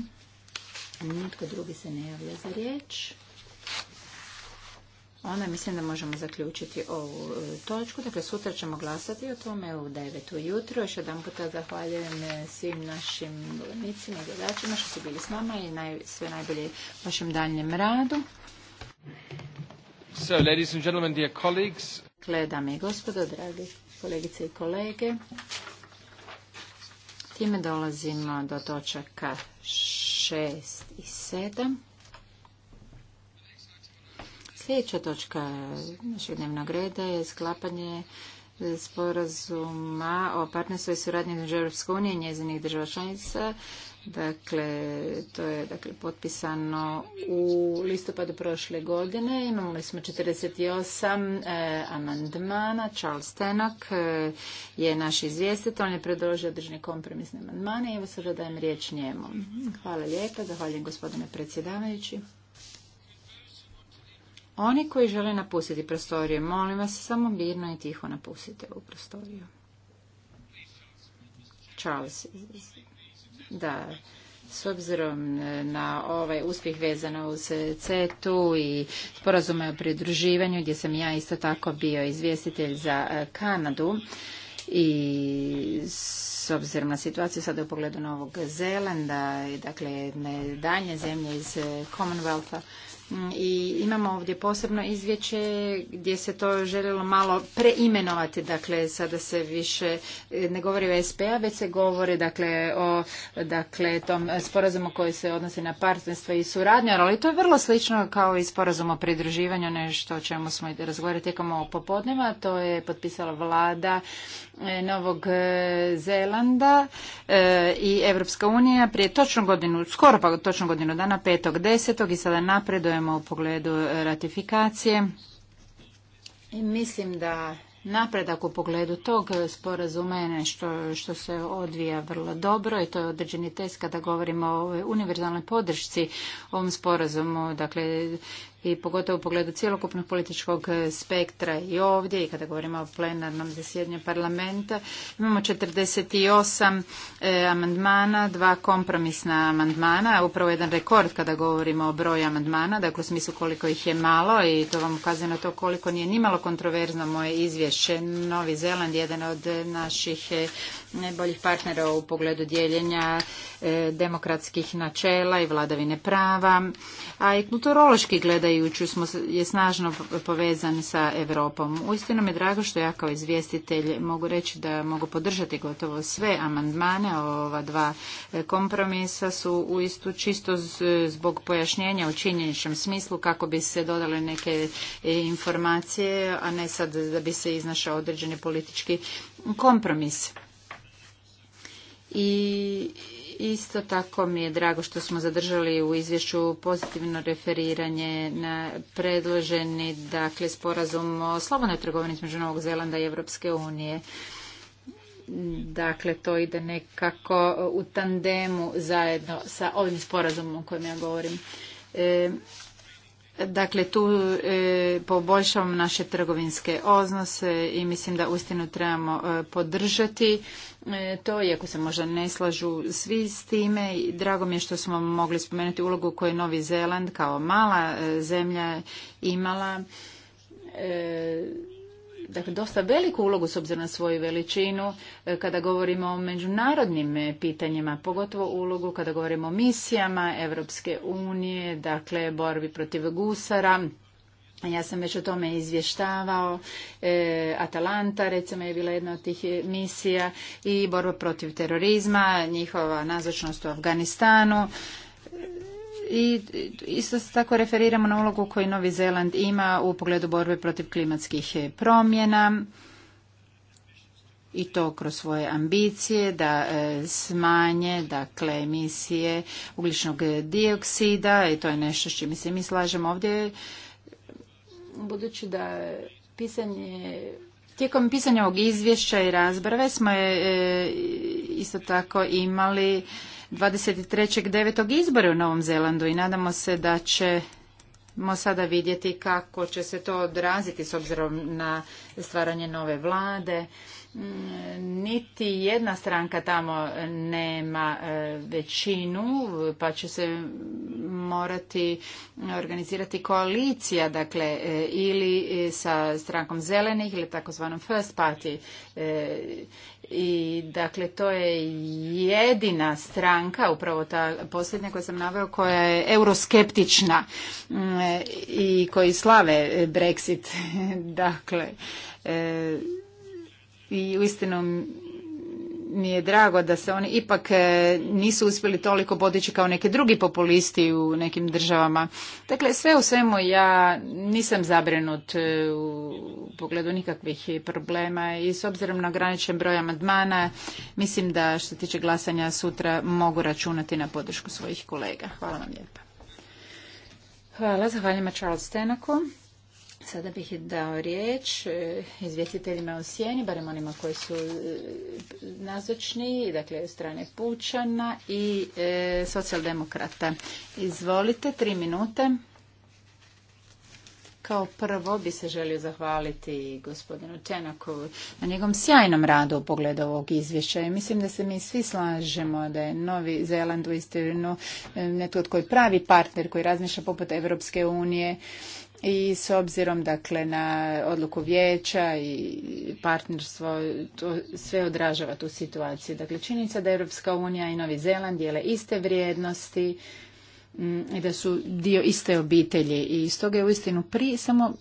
Nitko drugi se ne javlja za riječ. Onda mislim da možemo zaključiti ovu e, točku. Dakle, sutra ćemo glasati o tome u 9. ujutro. Još jedan puta zahvaljujem e, svim našim govornicima i gledačima što su bili s nama i sve najbolje vašem daljem radu. So, ladies and gentlemen, colleagues. Dakle, dame i gospodo, dragi kolegice i kolege. Time dolazimo do točaka 6 i 7. Sljedeća točka našeg dnevnog reda je sklapanje sporazuma o partnerstvu i suradnji između Europske unije i njezinih država članica Dakle, to je dakle, potpisano u listopadu prošle godine. Imali smo 48 e, eh, amandmana. Charles Tenak eh, je naš izvjestitelj. On je predložio određene kompromisne amandmane i evo sada dajem riječ njemu. Hvala lijepa. Zahvaljujem gospodine predsjedavajući. Oni koji žele napustiti prostorije, molim vas, samo mirno i tiho napustite ovu prostoriju. Charles, da, s obzirom na ovaj uspjeh vezano uz CETU i sporazume o pridruživanju gdje sam ja isto tako bio izvjestitelj za e, Kanadu i s obzirom na situaciju sada u pogledu Novog Zelanda i dakle jedne danje zemlje iz e, Commonwealtha Mm, i imamo ovdje posebno izvješće gdje se to željelo malo preimenovati, dakle sada se više e, ne govori o SPA, već se govori dakle o dakle tom sporazumu koji se odnosi na partnerstvo i suradnju, ali to je vrlo slično kao i sporazum o pridruživanju, nešto o čemu smo razgovarali tijekom ovog popodneva, to je potpisala vlada e, Novog e, Zelanda i Europska unija prije točno godinu, skoro pa točno godinu dana, 5.10. i sada napreduje napredujemo u pogledu ratifikacije. I mislim da napredak u pogledu tog sporazuma je nešto što se odvija vrlo dobro i to je određeni test kada govorimo o univerzalnoj podršci ovom sporazumu. Dakle, i pogotovo u pogledu cjelokupnog političkog spektra i ovdje i kada govorimo o plenarnom zasjedanju parlamenta. Imamo 48 e, amandmana, dva kompromisna amandmana, upravo jedan rekord kada govorimo o broju amandmana, dakle u smislu koliko ih je malo i to vam ukazuje na to koliko nije nimalo kontroverzno moje izvješće. Novi Zeland, jedan od naših e, najboljih partnera u pogledu dijeljenja e, demokratskih načela i vladavine prava, a i kulturološki gledajući smo, je snažno povezan sa Europom. Uistinu mi je drago što ja kao izvjestitelj mogu reći da mogu podržati gotovo sve amandmane, ova dva e, kompromisa su uistu čisto zbog pojašnjenja u činjeničnom smislu kako bi se dodale neke e, informacije, a ne sad da bi se iznašao određeni politički kompromis i isto tako mi je drago što smo zadržali u izvješću pozitivno referiranje na predloženi dakle sporazum o slobodnoj trgovini između Novog Zelanda i Europske unije. Dakle, to ide nekako u tandemu zajedno sa ovim sporazumom o kojem ja govorim. E, Dakle, tu e, poboljšavamo naše trgovinske odnose i mislim da ustinu trebamo e, podržati e, to, iako se možda ne slažu svi s time. I drago mi je što smo mogli spomenuti ulogu koju je Novi Zeland kao mala zemlja imala dakle, dosta veliku ulogu s obzirom na svoju veličinu e, kada govorimo o međunarodnim e, pitanjima, pogotovo ulogu kada govorimo o misijama Evropske unije, dakle borbi protiv gusara, ja sam već o tome izvještavao, e, Atalanta recimo je bila jedna od tih misija i borba protiv terorizma, njihova nazočnost u Afganistanu i isto se tako referiramo na ulogu koju Novi Zeland ima u pogledu borbe protiv klimatskih promjena i to kroz svoje ambicije da e, smanje dakle emisije ugljičnog dioksida i to je nešto s čime se mi slažemo ovdje budući da pisanje Tijekom pisanja ovog izvješća i razbrave smo je e, isto tako imali 23.9. izbore u Novom Zelandu i nadamo se da ćemo sada vidjeti kako će se to odraziti s obzirom na stvaranje nove vlade. Mm, niti jedna stranka tamo nema e, većinu, pa će se morati organizirati koalicija, dakle, e, ili sa strankom zelenih ili takozvanom first party. E, i dakle to je jedina stranka, upravo ta posljednja koja sam naveo, koja je euroskeptična mm, i koji slave Brexit. Dakle, e, i uistinu mi je drago da se oni ipak e, nisu uspjeli toliko podići kao neki drugi populisti u nekim državama. Dakle, sve u svemu ja nisam zabrinut e, u pogledu nikakvih problema i s obzirom na ograničen broj amandmana, mislim da što se tiče glasanja sutra mogu računati na podršku svojih kolega. Hvala vam lijepa. Hvala, zahvaljujem Charles Tenaku. Sada bih dao riječ e, izvjestiteljima u sjeni, barem onima koji su e, nazočni, dakle strane Pučana i e, socijaldemokrata. Izvolite, tri minute. Kao prvo bi se želio zahvaliti gospodinu Tenaku na njegovom sjajnom radu u pogledu ovog izvješća i mislim da se mi svi slažemo da je Novi Zeland u istinu netko koji pravi partner koji razmišlja poput Evropske unije i s obzirom dakle na odluku vijeća i partnerstvo to sve odražava tu situaciju. Dakle činjenica da Europska unija i Novi Zeland dijele iste vrijednosti mm, i da su dio iste obitelji i stoga je uistinu pri samo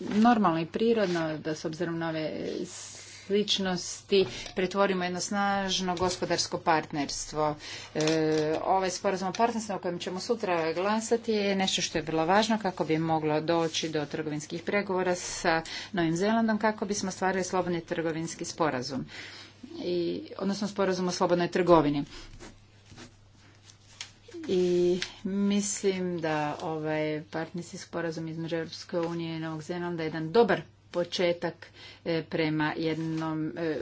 normalno i prirodno da s obzirom na ove sličnosti pretvorimo jedno snažno gospodarsko partnerstvo. E, ovaj sporazum o partnerstvu o kojem ćemo sutra glasati je nešto što je vrlo važno kako bi moglo doći do trgovinskih pregovora sa Novim Zelandom kako bismo stvarili slobodni trgovinski sporazum. I, odnosno sporazum o slobodnoj trgovini i mislim da ovaj partnerski sporazum između Europske unije i Novog Zelanda je jedan dobar početak e, prema jednom e,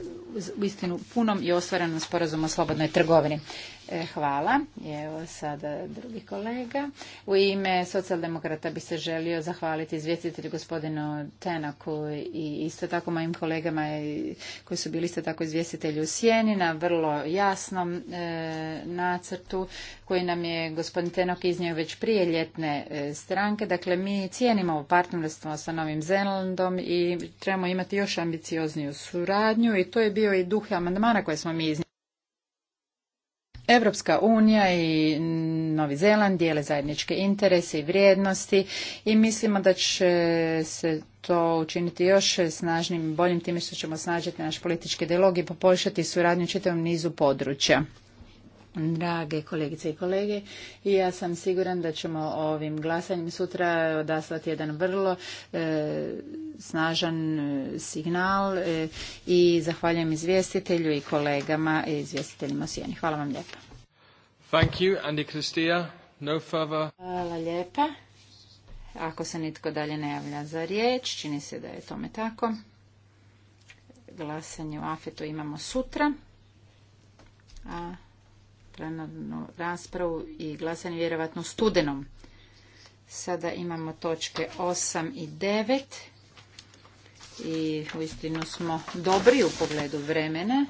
uistinu punom i ostvarenom sporazumu o slobodnoj trgovini. E, hvala. Evo sada drugi kolega. U ime socijaldemokrata bi se želio zahvaliti izvjestitelju gospodinu Tenaku i isto tako mojim kolegama koji su bili isto tako izvjestitelji u Sjeni na vrlo jasnom e, nacrtu koji nam je gospodin Tenok iznio već prije ljetne e, stranke. Dakle, mi cijenimo ovo partnerstvo sa Novim Zelandom i trebamo imati još ambiciozniju suradnju i to je bio i duh amandmana koje smo mi iznijeli Evropska unija i Novi Zeland dijele zajedničke interese i vrijednosti i mislimo da će se to učiniti još snažnim i boljim time što ćemo snažiti naš politički dialog i poboljšati suradnju u čitavom nizu područja. Drage kolegice i kolege, ja sam siguran da ćemo ovim glasanjem sutra odaslati jedan vrlo e, snažan e, signal e, i zahvaljujem izvjestitelju i kolegama i izvjestiteljima Sijeni. Hvala vam lijepa. Thank you, Andy Christia. No further... Hvala lijepa. Ako se nitko dalje ne javlja za riječ, čini se da je tome tako. Glasanje u Afetu imamo sutra. A plenarnu raspravu i glasanje vjerojatno studenom. Sada imamo točke 8 i 9 i uistinu smo dobri u pogledu vremena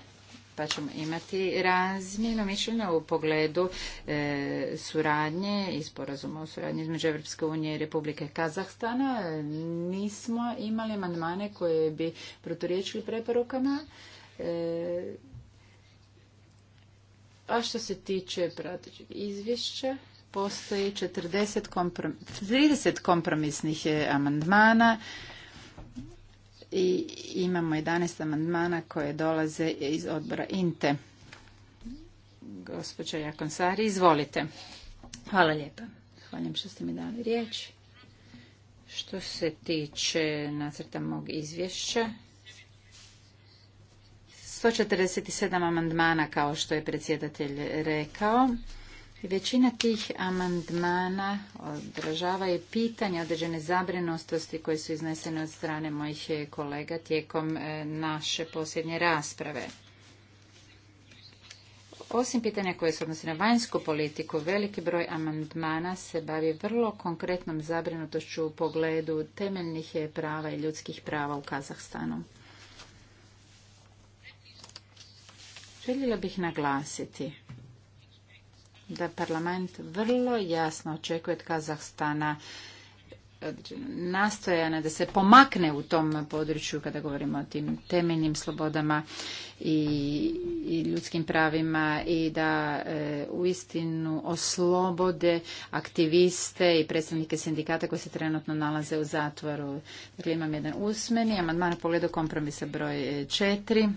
pa ćemo imati razmjeno mišljenja u pogledu e, suradnje i sporazuma o suradnji između Evropske unije i Republike Kazahstana. Nismo imali amandmane koje bi proturječili preporukama. E, a što se tiče pratećeg izvješća, postoji 40 30 kompromisnih e, amandmana i imamo 11 amandmana koje dolaze iz odbora INTE. Gospođa Sari, izvolite. Hvala lijepa. Hvala što ste mi dali riječ. Što se tiče nacrta mog izvješća, 147 amandmana kao što je predsjedatelj rekao. Većina tih amandmana odražava i pitanja određene zabrinutosti koje su iznesene od strane mojih kolega tijekom e, naše posljednje rasprave. Osim pitanja koje se odnose na vanjsku politiku, veliki broj amandmana se bavi vrlo konkretnom zabrinutošću u pogledu temeljnih prava i ljudskih prava u Kazahstanu. Željela bih naglasiti da parlament vrlo jasno očekuje od Kazahstana nastojane da se pomakne u tom području kada govorimo o tim temeljnim slobodama i, i ljudskim pravima i da e, uistinu oslobode aktiviste i predstavnike sindikata koji se trenutno nalaze u zatvoru. Dakle, imam jedan usmeni amandman u pogledu kompromisa broj četiri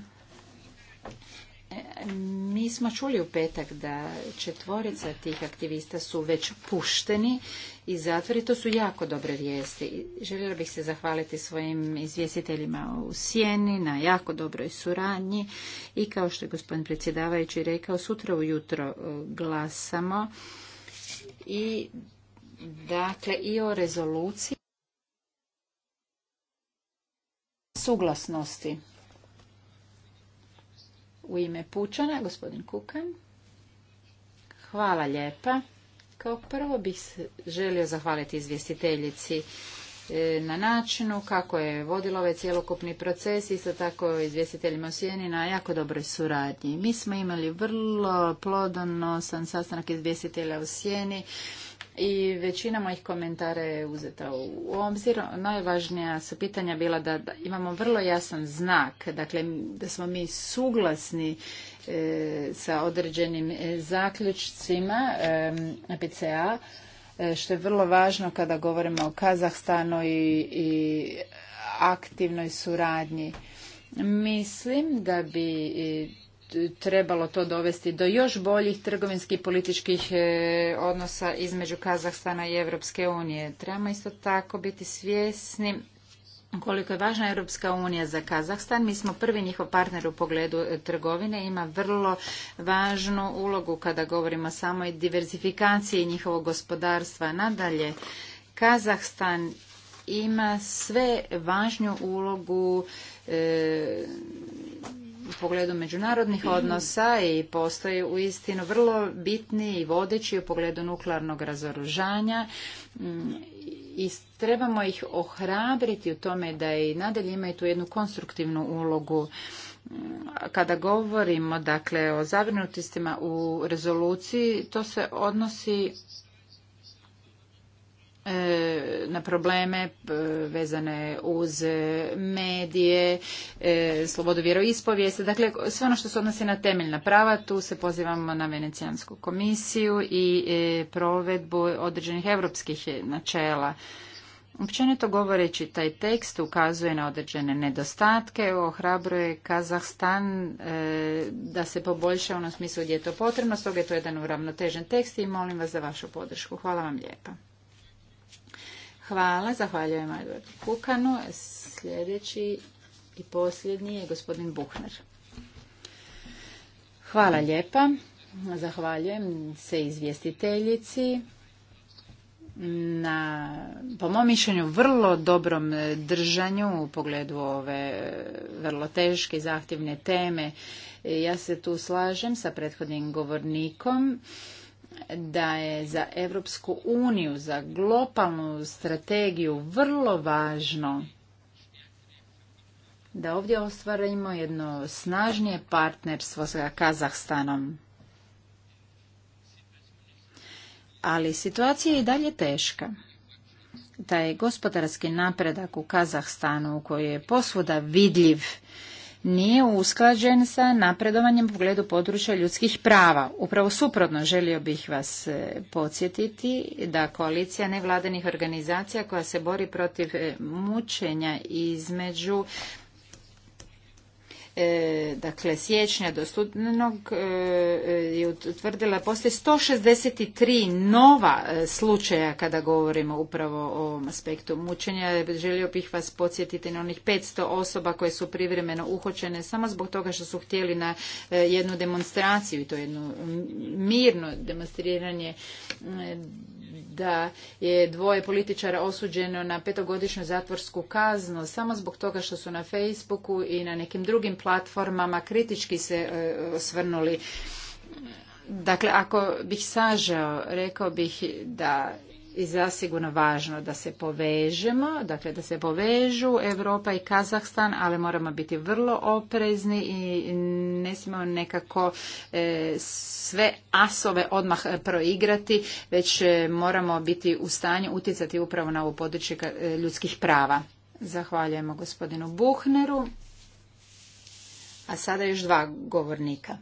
mi smo čuli u petak da četvorica tih aktivista su već pušteni i zatvori. To su jako dobre vijesti. Željela bih se zahvaliti svojim izvjestiteljima u Sjeni na jako dobroj suradnji i kao što je gospodin predsjedavajući rekao, sutra ujutro e, glasamo i dakle i o rezoluciji suglasnosti u ime Pučana, gospodin Kukan. Hvala lijepa. Kao prvo bih želio zahvaliti izvjestiteljici E, na načinu kako je vodilo ovaj cjelokupni proces, isto tako izvjestiteljima u Sijeni na jako dobroj suradnji. Mi smo imali vrlo plodonosan sastanak izvjestitelja u Sjeni i većina mojih komentara je uzeta u obzir. Najvažnija su pitanja bila da, imamo vrlo jasan znak, dakle da smo mi suglasni e, sa određenim e, zaključcima e, PCA, E, što je vrlo važno kada govorimo o Kazahstanu i, i aktivnoj suradnji. Mislim da bi e, trebalo to dovesti do još boljih trgovinskih političkih e, odnosa između Kazahstana i Europske unije. Trebamo isto tako biti svjesni koliko je važna Europska unija za Kazahstan. Mi smo prvi njihov partner u pogledu e, trgovine. Ima vrlo važnu ulogu kada govorimo o samoj diversifikaciji njihovog gospodarstva. Nadalje, Kazahstan ima sve važnju ulogu e, u pogledu međunarodnih odnosa i postoji u istinu vrlo bitni i vodeći u pogledu nuklearnog razoružanja mm, i trebamo ih ohrabriti u tome da i nadalje imaju tu jednu konstruktivnu ulogu mm, kada govorimo dakle o zabrinutostima u rezoluciji to se odnosi E, na probleme e, vezane uz medije, e, slobodu vjeroispovijesti, dakle sve ono što se odnosi na temeljna prava, tu se pozivamo na Venecijansku komisiju i provedbu određenih europskih načela. Općenito govoreći, taj tekst ukazuje na određene nedostatke, ohrabruje Kazahstan da se poboljša u onom smislu gdje je to potrebno, stoga je to jedan uravnotežen tekst i molim vas za vašu podršku. Hvala vam lijepa. Hvala, zahvaljujem Edward Kukanu. Sljedeći i posljednji je gospodin Buhner. Hvala lijepa. Zahvaljujem se izvjestiteljici na, po mom mišljenju, vrlo dobrom držanju u pogledu ove vrlo teške i zahtjevne teme. Ja se tu slažem sa prethodnim govornikom da je za Europsku uniju, za globalnu strategiju vrlo važno da ovdje ostvarimo jedno snažnije partnerstvo sa Kazahstanom. Ali situacija je i dalje teška. Taj gospodarski napredak u Kazahstanu koji je posvuda vidljiv nije usklađen sa napredovanjem u pogledu područja ljudskih prava. Upravo suprotno želio bih vas e, podsjetiti da koalicija nevladenih organizacija koja se bori protiv e, mučenja između E, dakle siječnja do studenog e, e, je utvrdila postoje 163 nova slučaja kada govorimo upravo o ovom aspektu mučenja. Želio bih vas podsjetiti na onih 500 osoba koje su privremeno uhočene samo zbog toga što su htjeli na jednu demonstraciju i to jedno mirno demonstriranje da je dvoje političara osuđeno na petogodišnju zatvorsku kaznu samo zbog toga što su na Facebooku i na nekim drugim platformama kritički se e, osvrnuli. Dakle, ako bih sažao, rekao bih da i zasigurno važno da se povežemo, dakle da se povežu Europa i Kazahstan, ali moramo biti vrlo oprezni i ne smijemo nekako e, sve asove odmah proigrati, već e, moramo biti u stanju utjecati upravo na ovo područje e, ljudskih prava. Zahvaljujemo gospodinu Buhneru. A sada još dva govornika.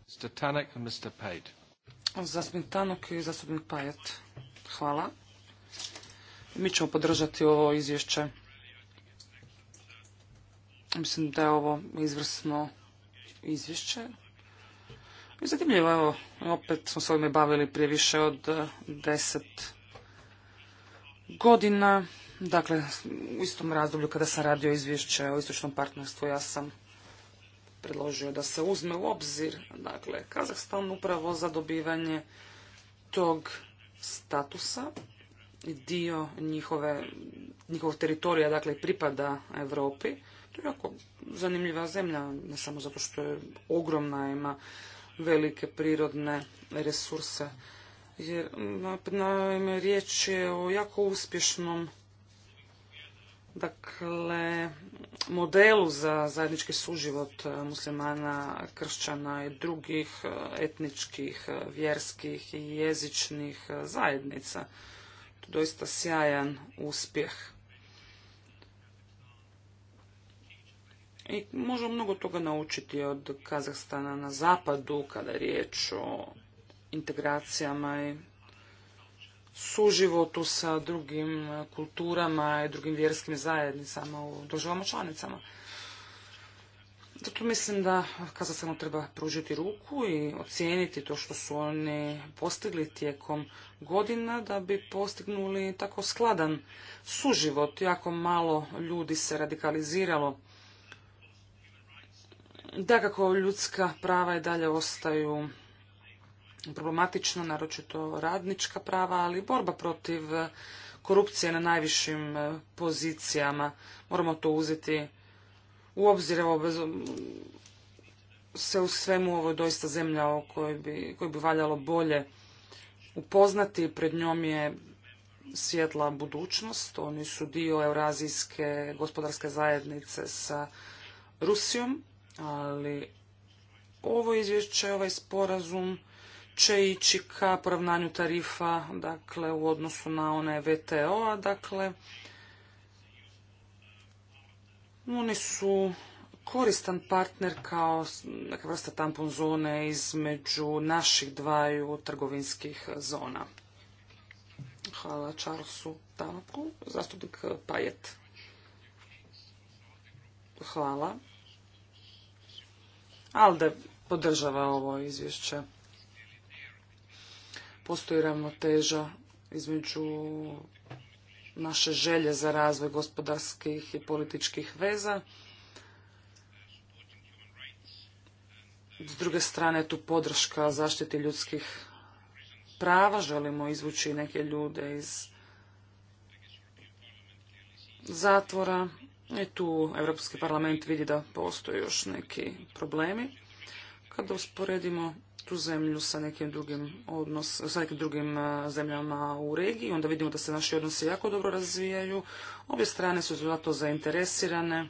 Mr. Tanak i Mr. Zastupnik i zastupnik Pajet. Hvala. Mi ćemo podržati ovo izvješće. Mislim da je ovo izvrsno izvješće. I zanimljivo, evo, opet smo se ovime bavili prije više od eh, deset godina. Dakle, u istom razdoblju kada sam radio izvješće o istočnom partnerstvu, ja sam predložio da se uzme u obzir, dakle, Kazahstan upravo za dobivanje tog statusa dio njihove, njihovog teritorija dakle pripada Europi. To je jako zanimljiva zemlja, ne samo zato što je ogromna, ima velike prirodne resurse. Jer, naime, riječ je o jako uspješnom dakle, modelu za zajednički suživot e, muslimana, kršćana i drugih e, etničkih, e, vjerskih i jezičnih zajednica. To je doista sjajan uspjeh. I možemo mnogo toga naučiti od Kazahstana na zapadu kada je riječ o integracijama i suživotu sa drugim kulturama i drugim vjerskim zajednicama u državama članicama. Zato mislim da Kazahstanu treba pružiti ruku i ocijeniti to što su oni postigli tijekom godina da bi postignuli tako skladan suživot. Jako malo ljudi se radikaliziralo. Da kako ljudska prava i dalje ostaju problematično, naročito radnička prava, ali i borba protiv korupcije na najvišim e, pozicijama. Moramo to uzeti u obzir, evo, se u svemu ovo je doista zemlja o kojoj bi, bi valjalo bolje upoznati. Pred njom je svjetla budućnost. Oni su dio Eurazijske gospodarske zajednice sa Rusijom, ali ovo izvješće, ovaj sporazum će ići ka poravnanju tarifa dakle, u odnosu na one VTO-a. Dakle, oni su koristan partner kao neka vrsta tampon zone između naših dvaju trgovinskih zona. Hvala Charlesu Tanoku, zastupnik Pajet. Hvala. Alde podržava ovo izvješće postoji ravnoteža između naše želje za razvoj gospodarskih i političkih veza. S druge strane tu podrška zaštiti ljudskih prava. Želimo izvući neke ljude iz zatvora. I tu Europski parlament vidi da postoje još neki problemi. Kada usporedimo tu zemlju sa nekim drugim odnos, drugim e, zemljama u regiji. Onda vidimo da se naši odnosi jako dobro razvijaju. Obje strane su za to zainteresirane.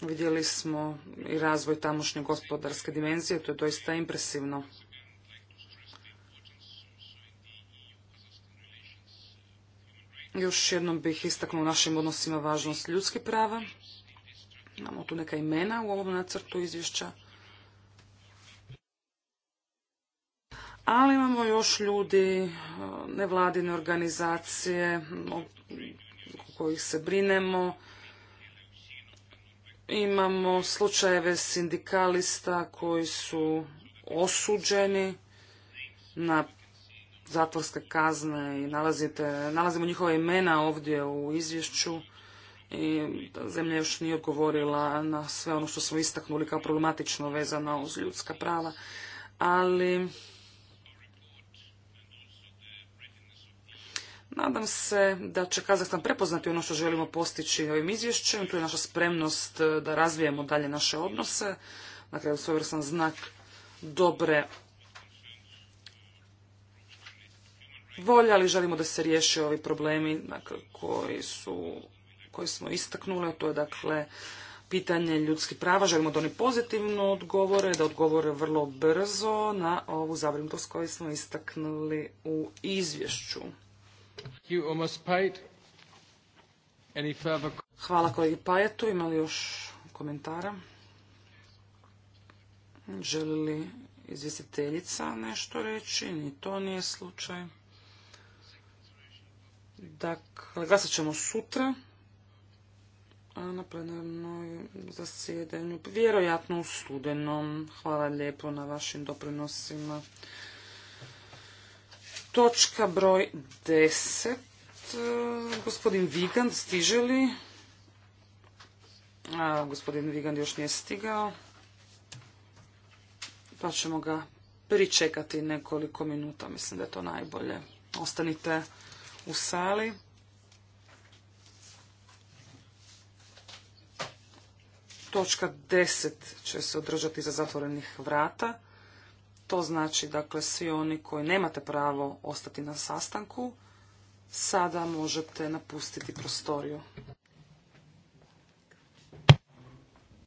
Vidjeli smo i razvoj tamošnje gospodarske dimenzije, to je doista impresivno. Još jednom bih istaknuo u našim odnosima važnost ljudskih prava. Imamo tu neka imena u ovom nacrtu izvješća. Ali imamo još ljudi, nevladine organizacije, o kojih se brinemo. Imamo slučajeve sindikalista koji su osuđeni na zatvorske kazne i nalazite, nalazimo njihova imena ovdje u izvješću i zemlja još nije odgovorila na sve ono što smo istaknuli kao problematično vezano uz ljudska prava, ali Nadam se da će Kazahstan prepoznati ono što želimo postići ovim izvješćem. Tu je naša spremnost da razvijemo dalje naše odnose. Dakle, svojevrstan znak dobre volja, ali želimo da se riješi ovi problemi dakle, koji, su, koji smo istaknuli, to je dakle pitanje ljudskih prava. Želimo da oni pozitivno odgovore, da odgovore vrlo brzo na ovu zabrinutost koju smo istaknuli u izvješću. Hvala kolegi Pajetu. Ima li još komentara? Želi li izvjestiteljica nešto reći? Ni to nije slučaj. Dakle, glasat ćemo sutra, a na plenarnoj zasjedanju, vjerojatno u studenom. Hvala lijepo na vašim doprinosima. Točka broj 10. Gospodin Vigand stiže li? A, gospodin Vigand još nije stigao. Pa ćemo ga pričekati nekoliko minuta. Mislim da je to najbolje. Ostanite u sali. Točka 10 će se održati za zatvorenih vrata. To znači, dakle, svi oni koji nemate pravo ostati na sastanku, sada možete napustiti prostoriju.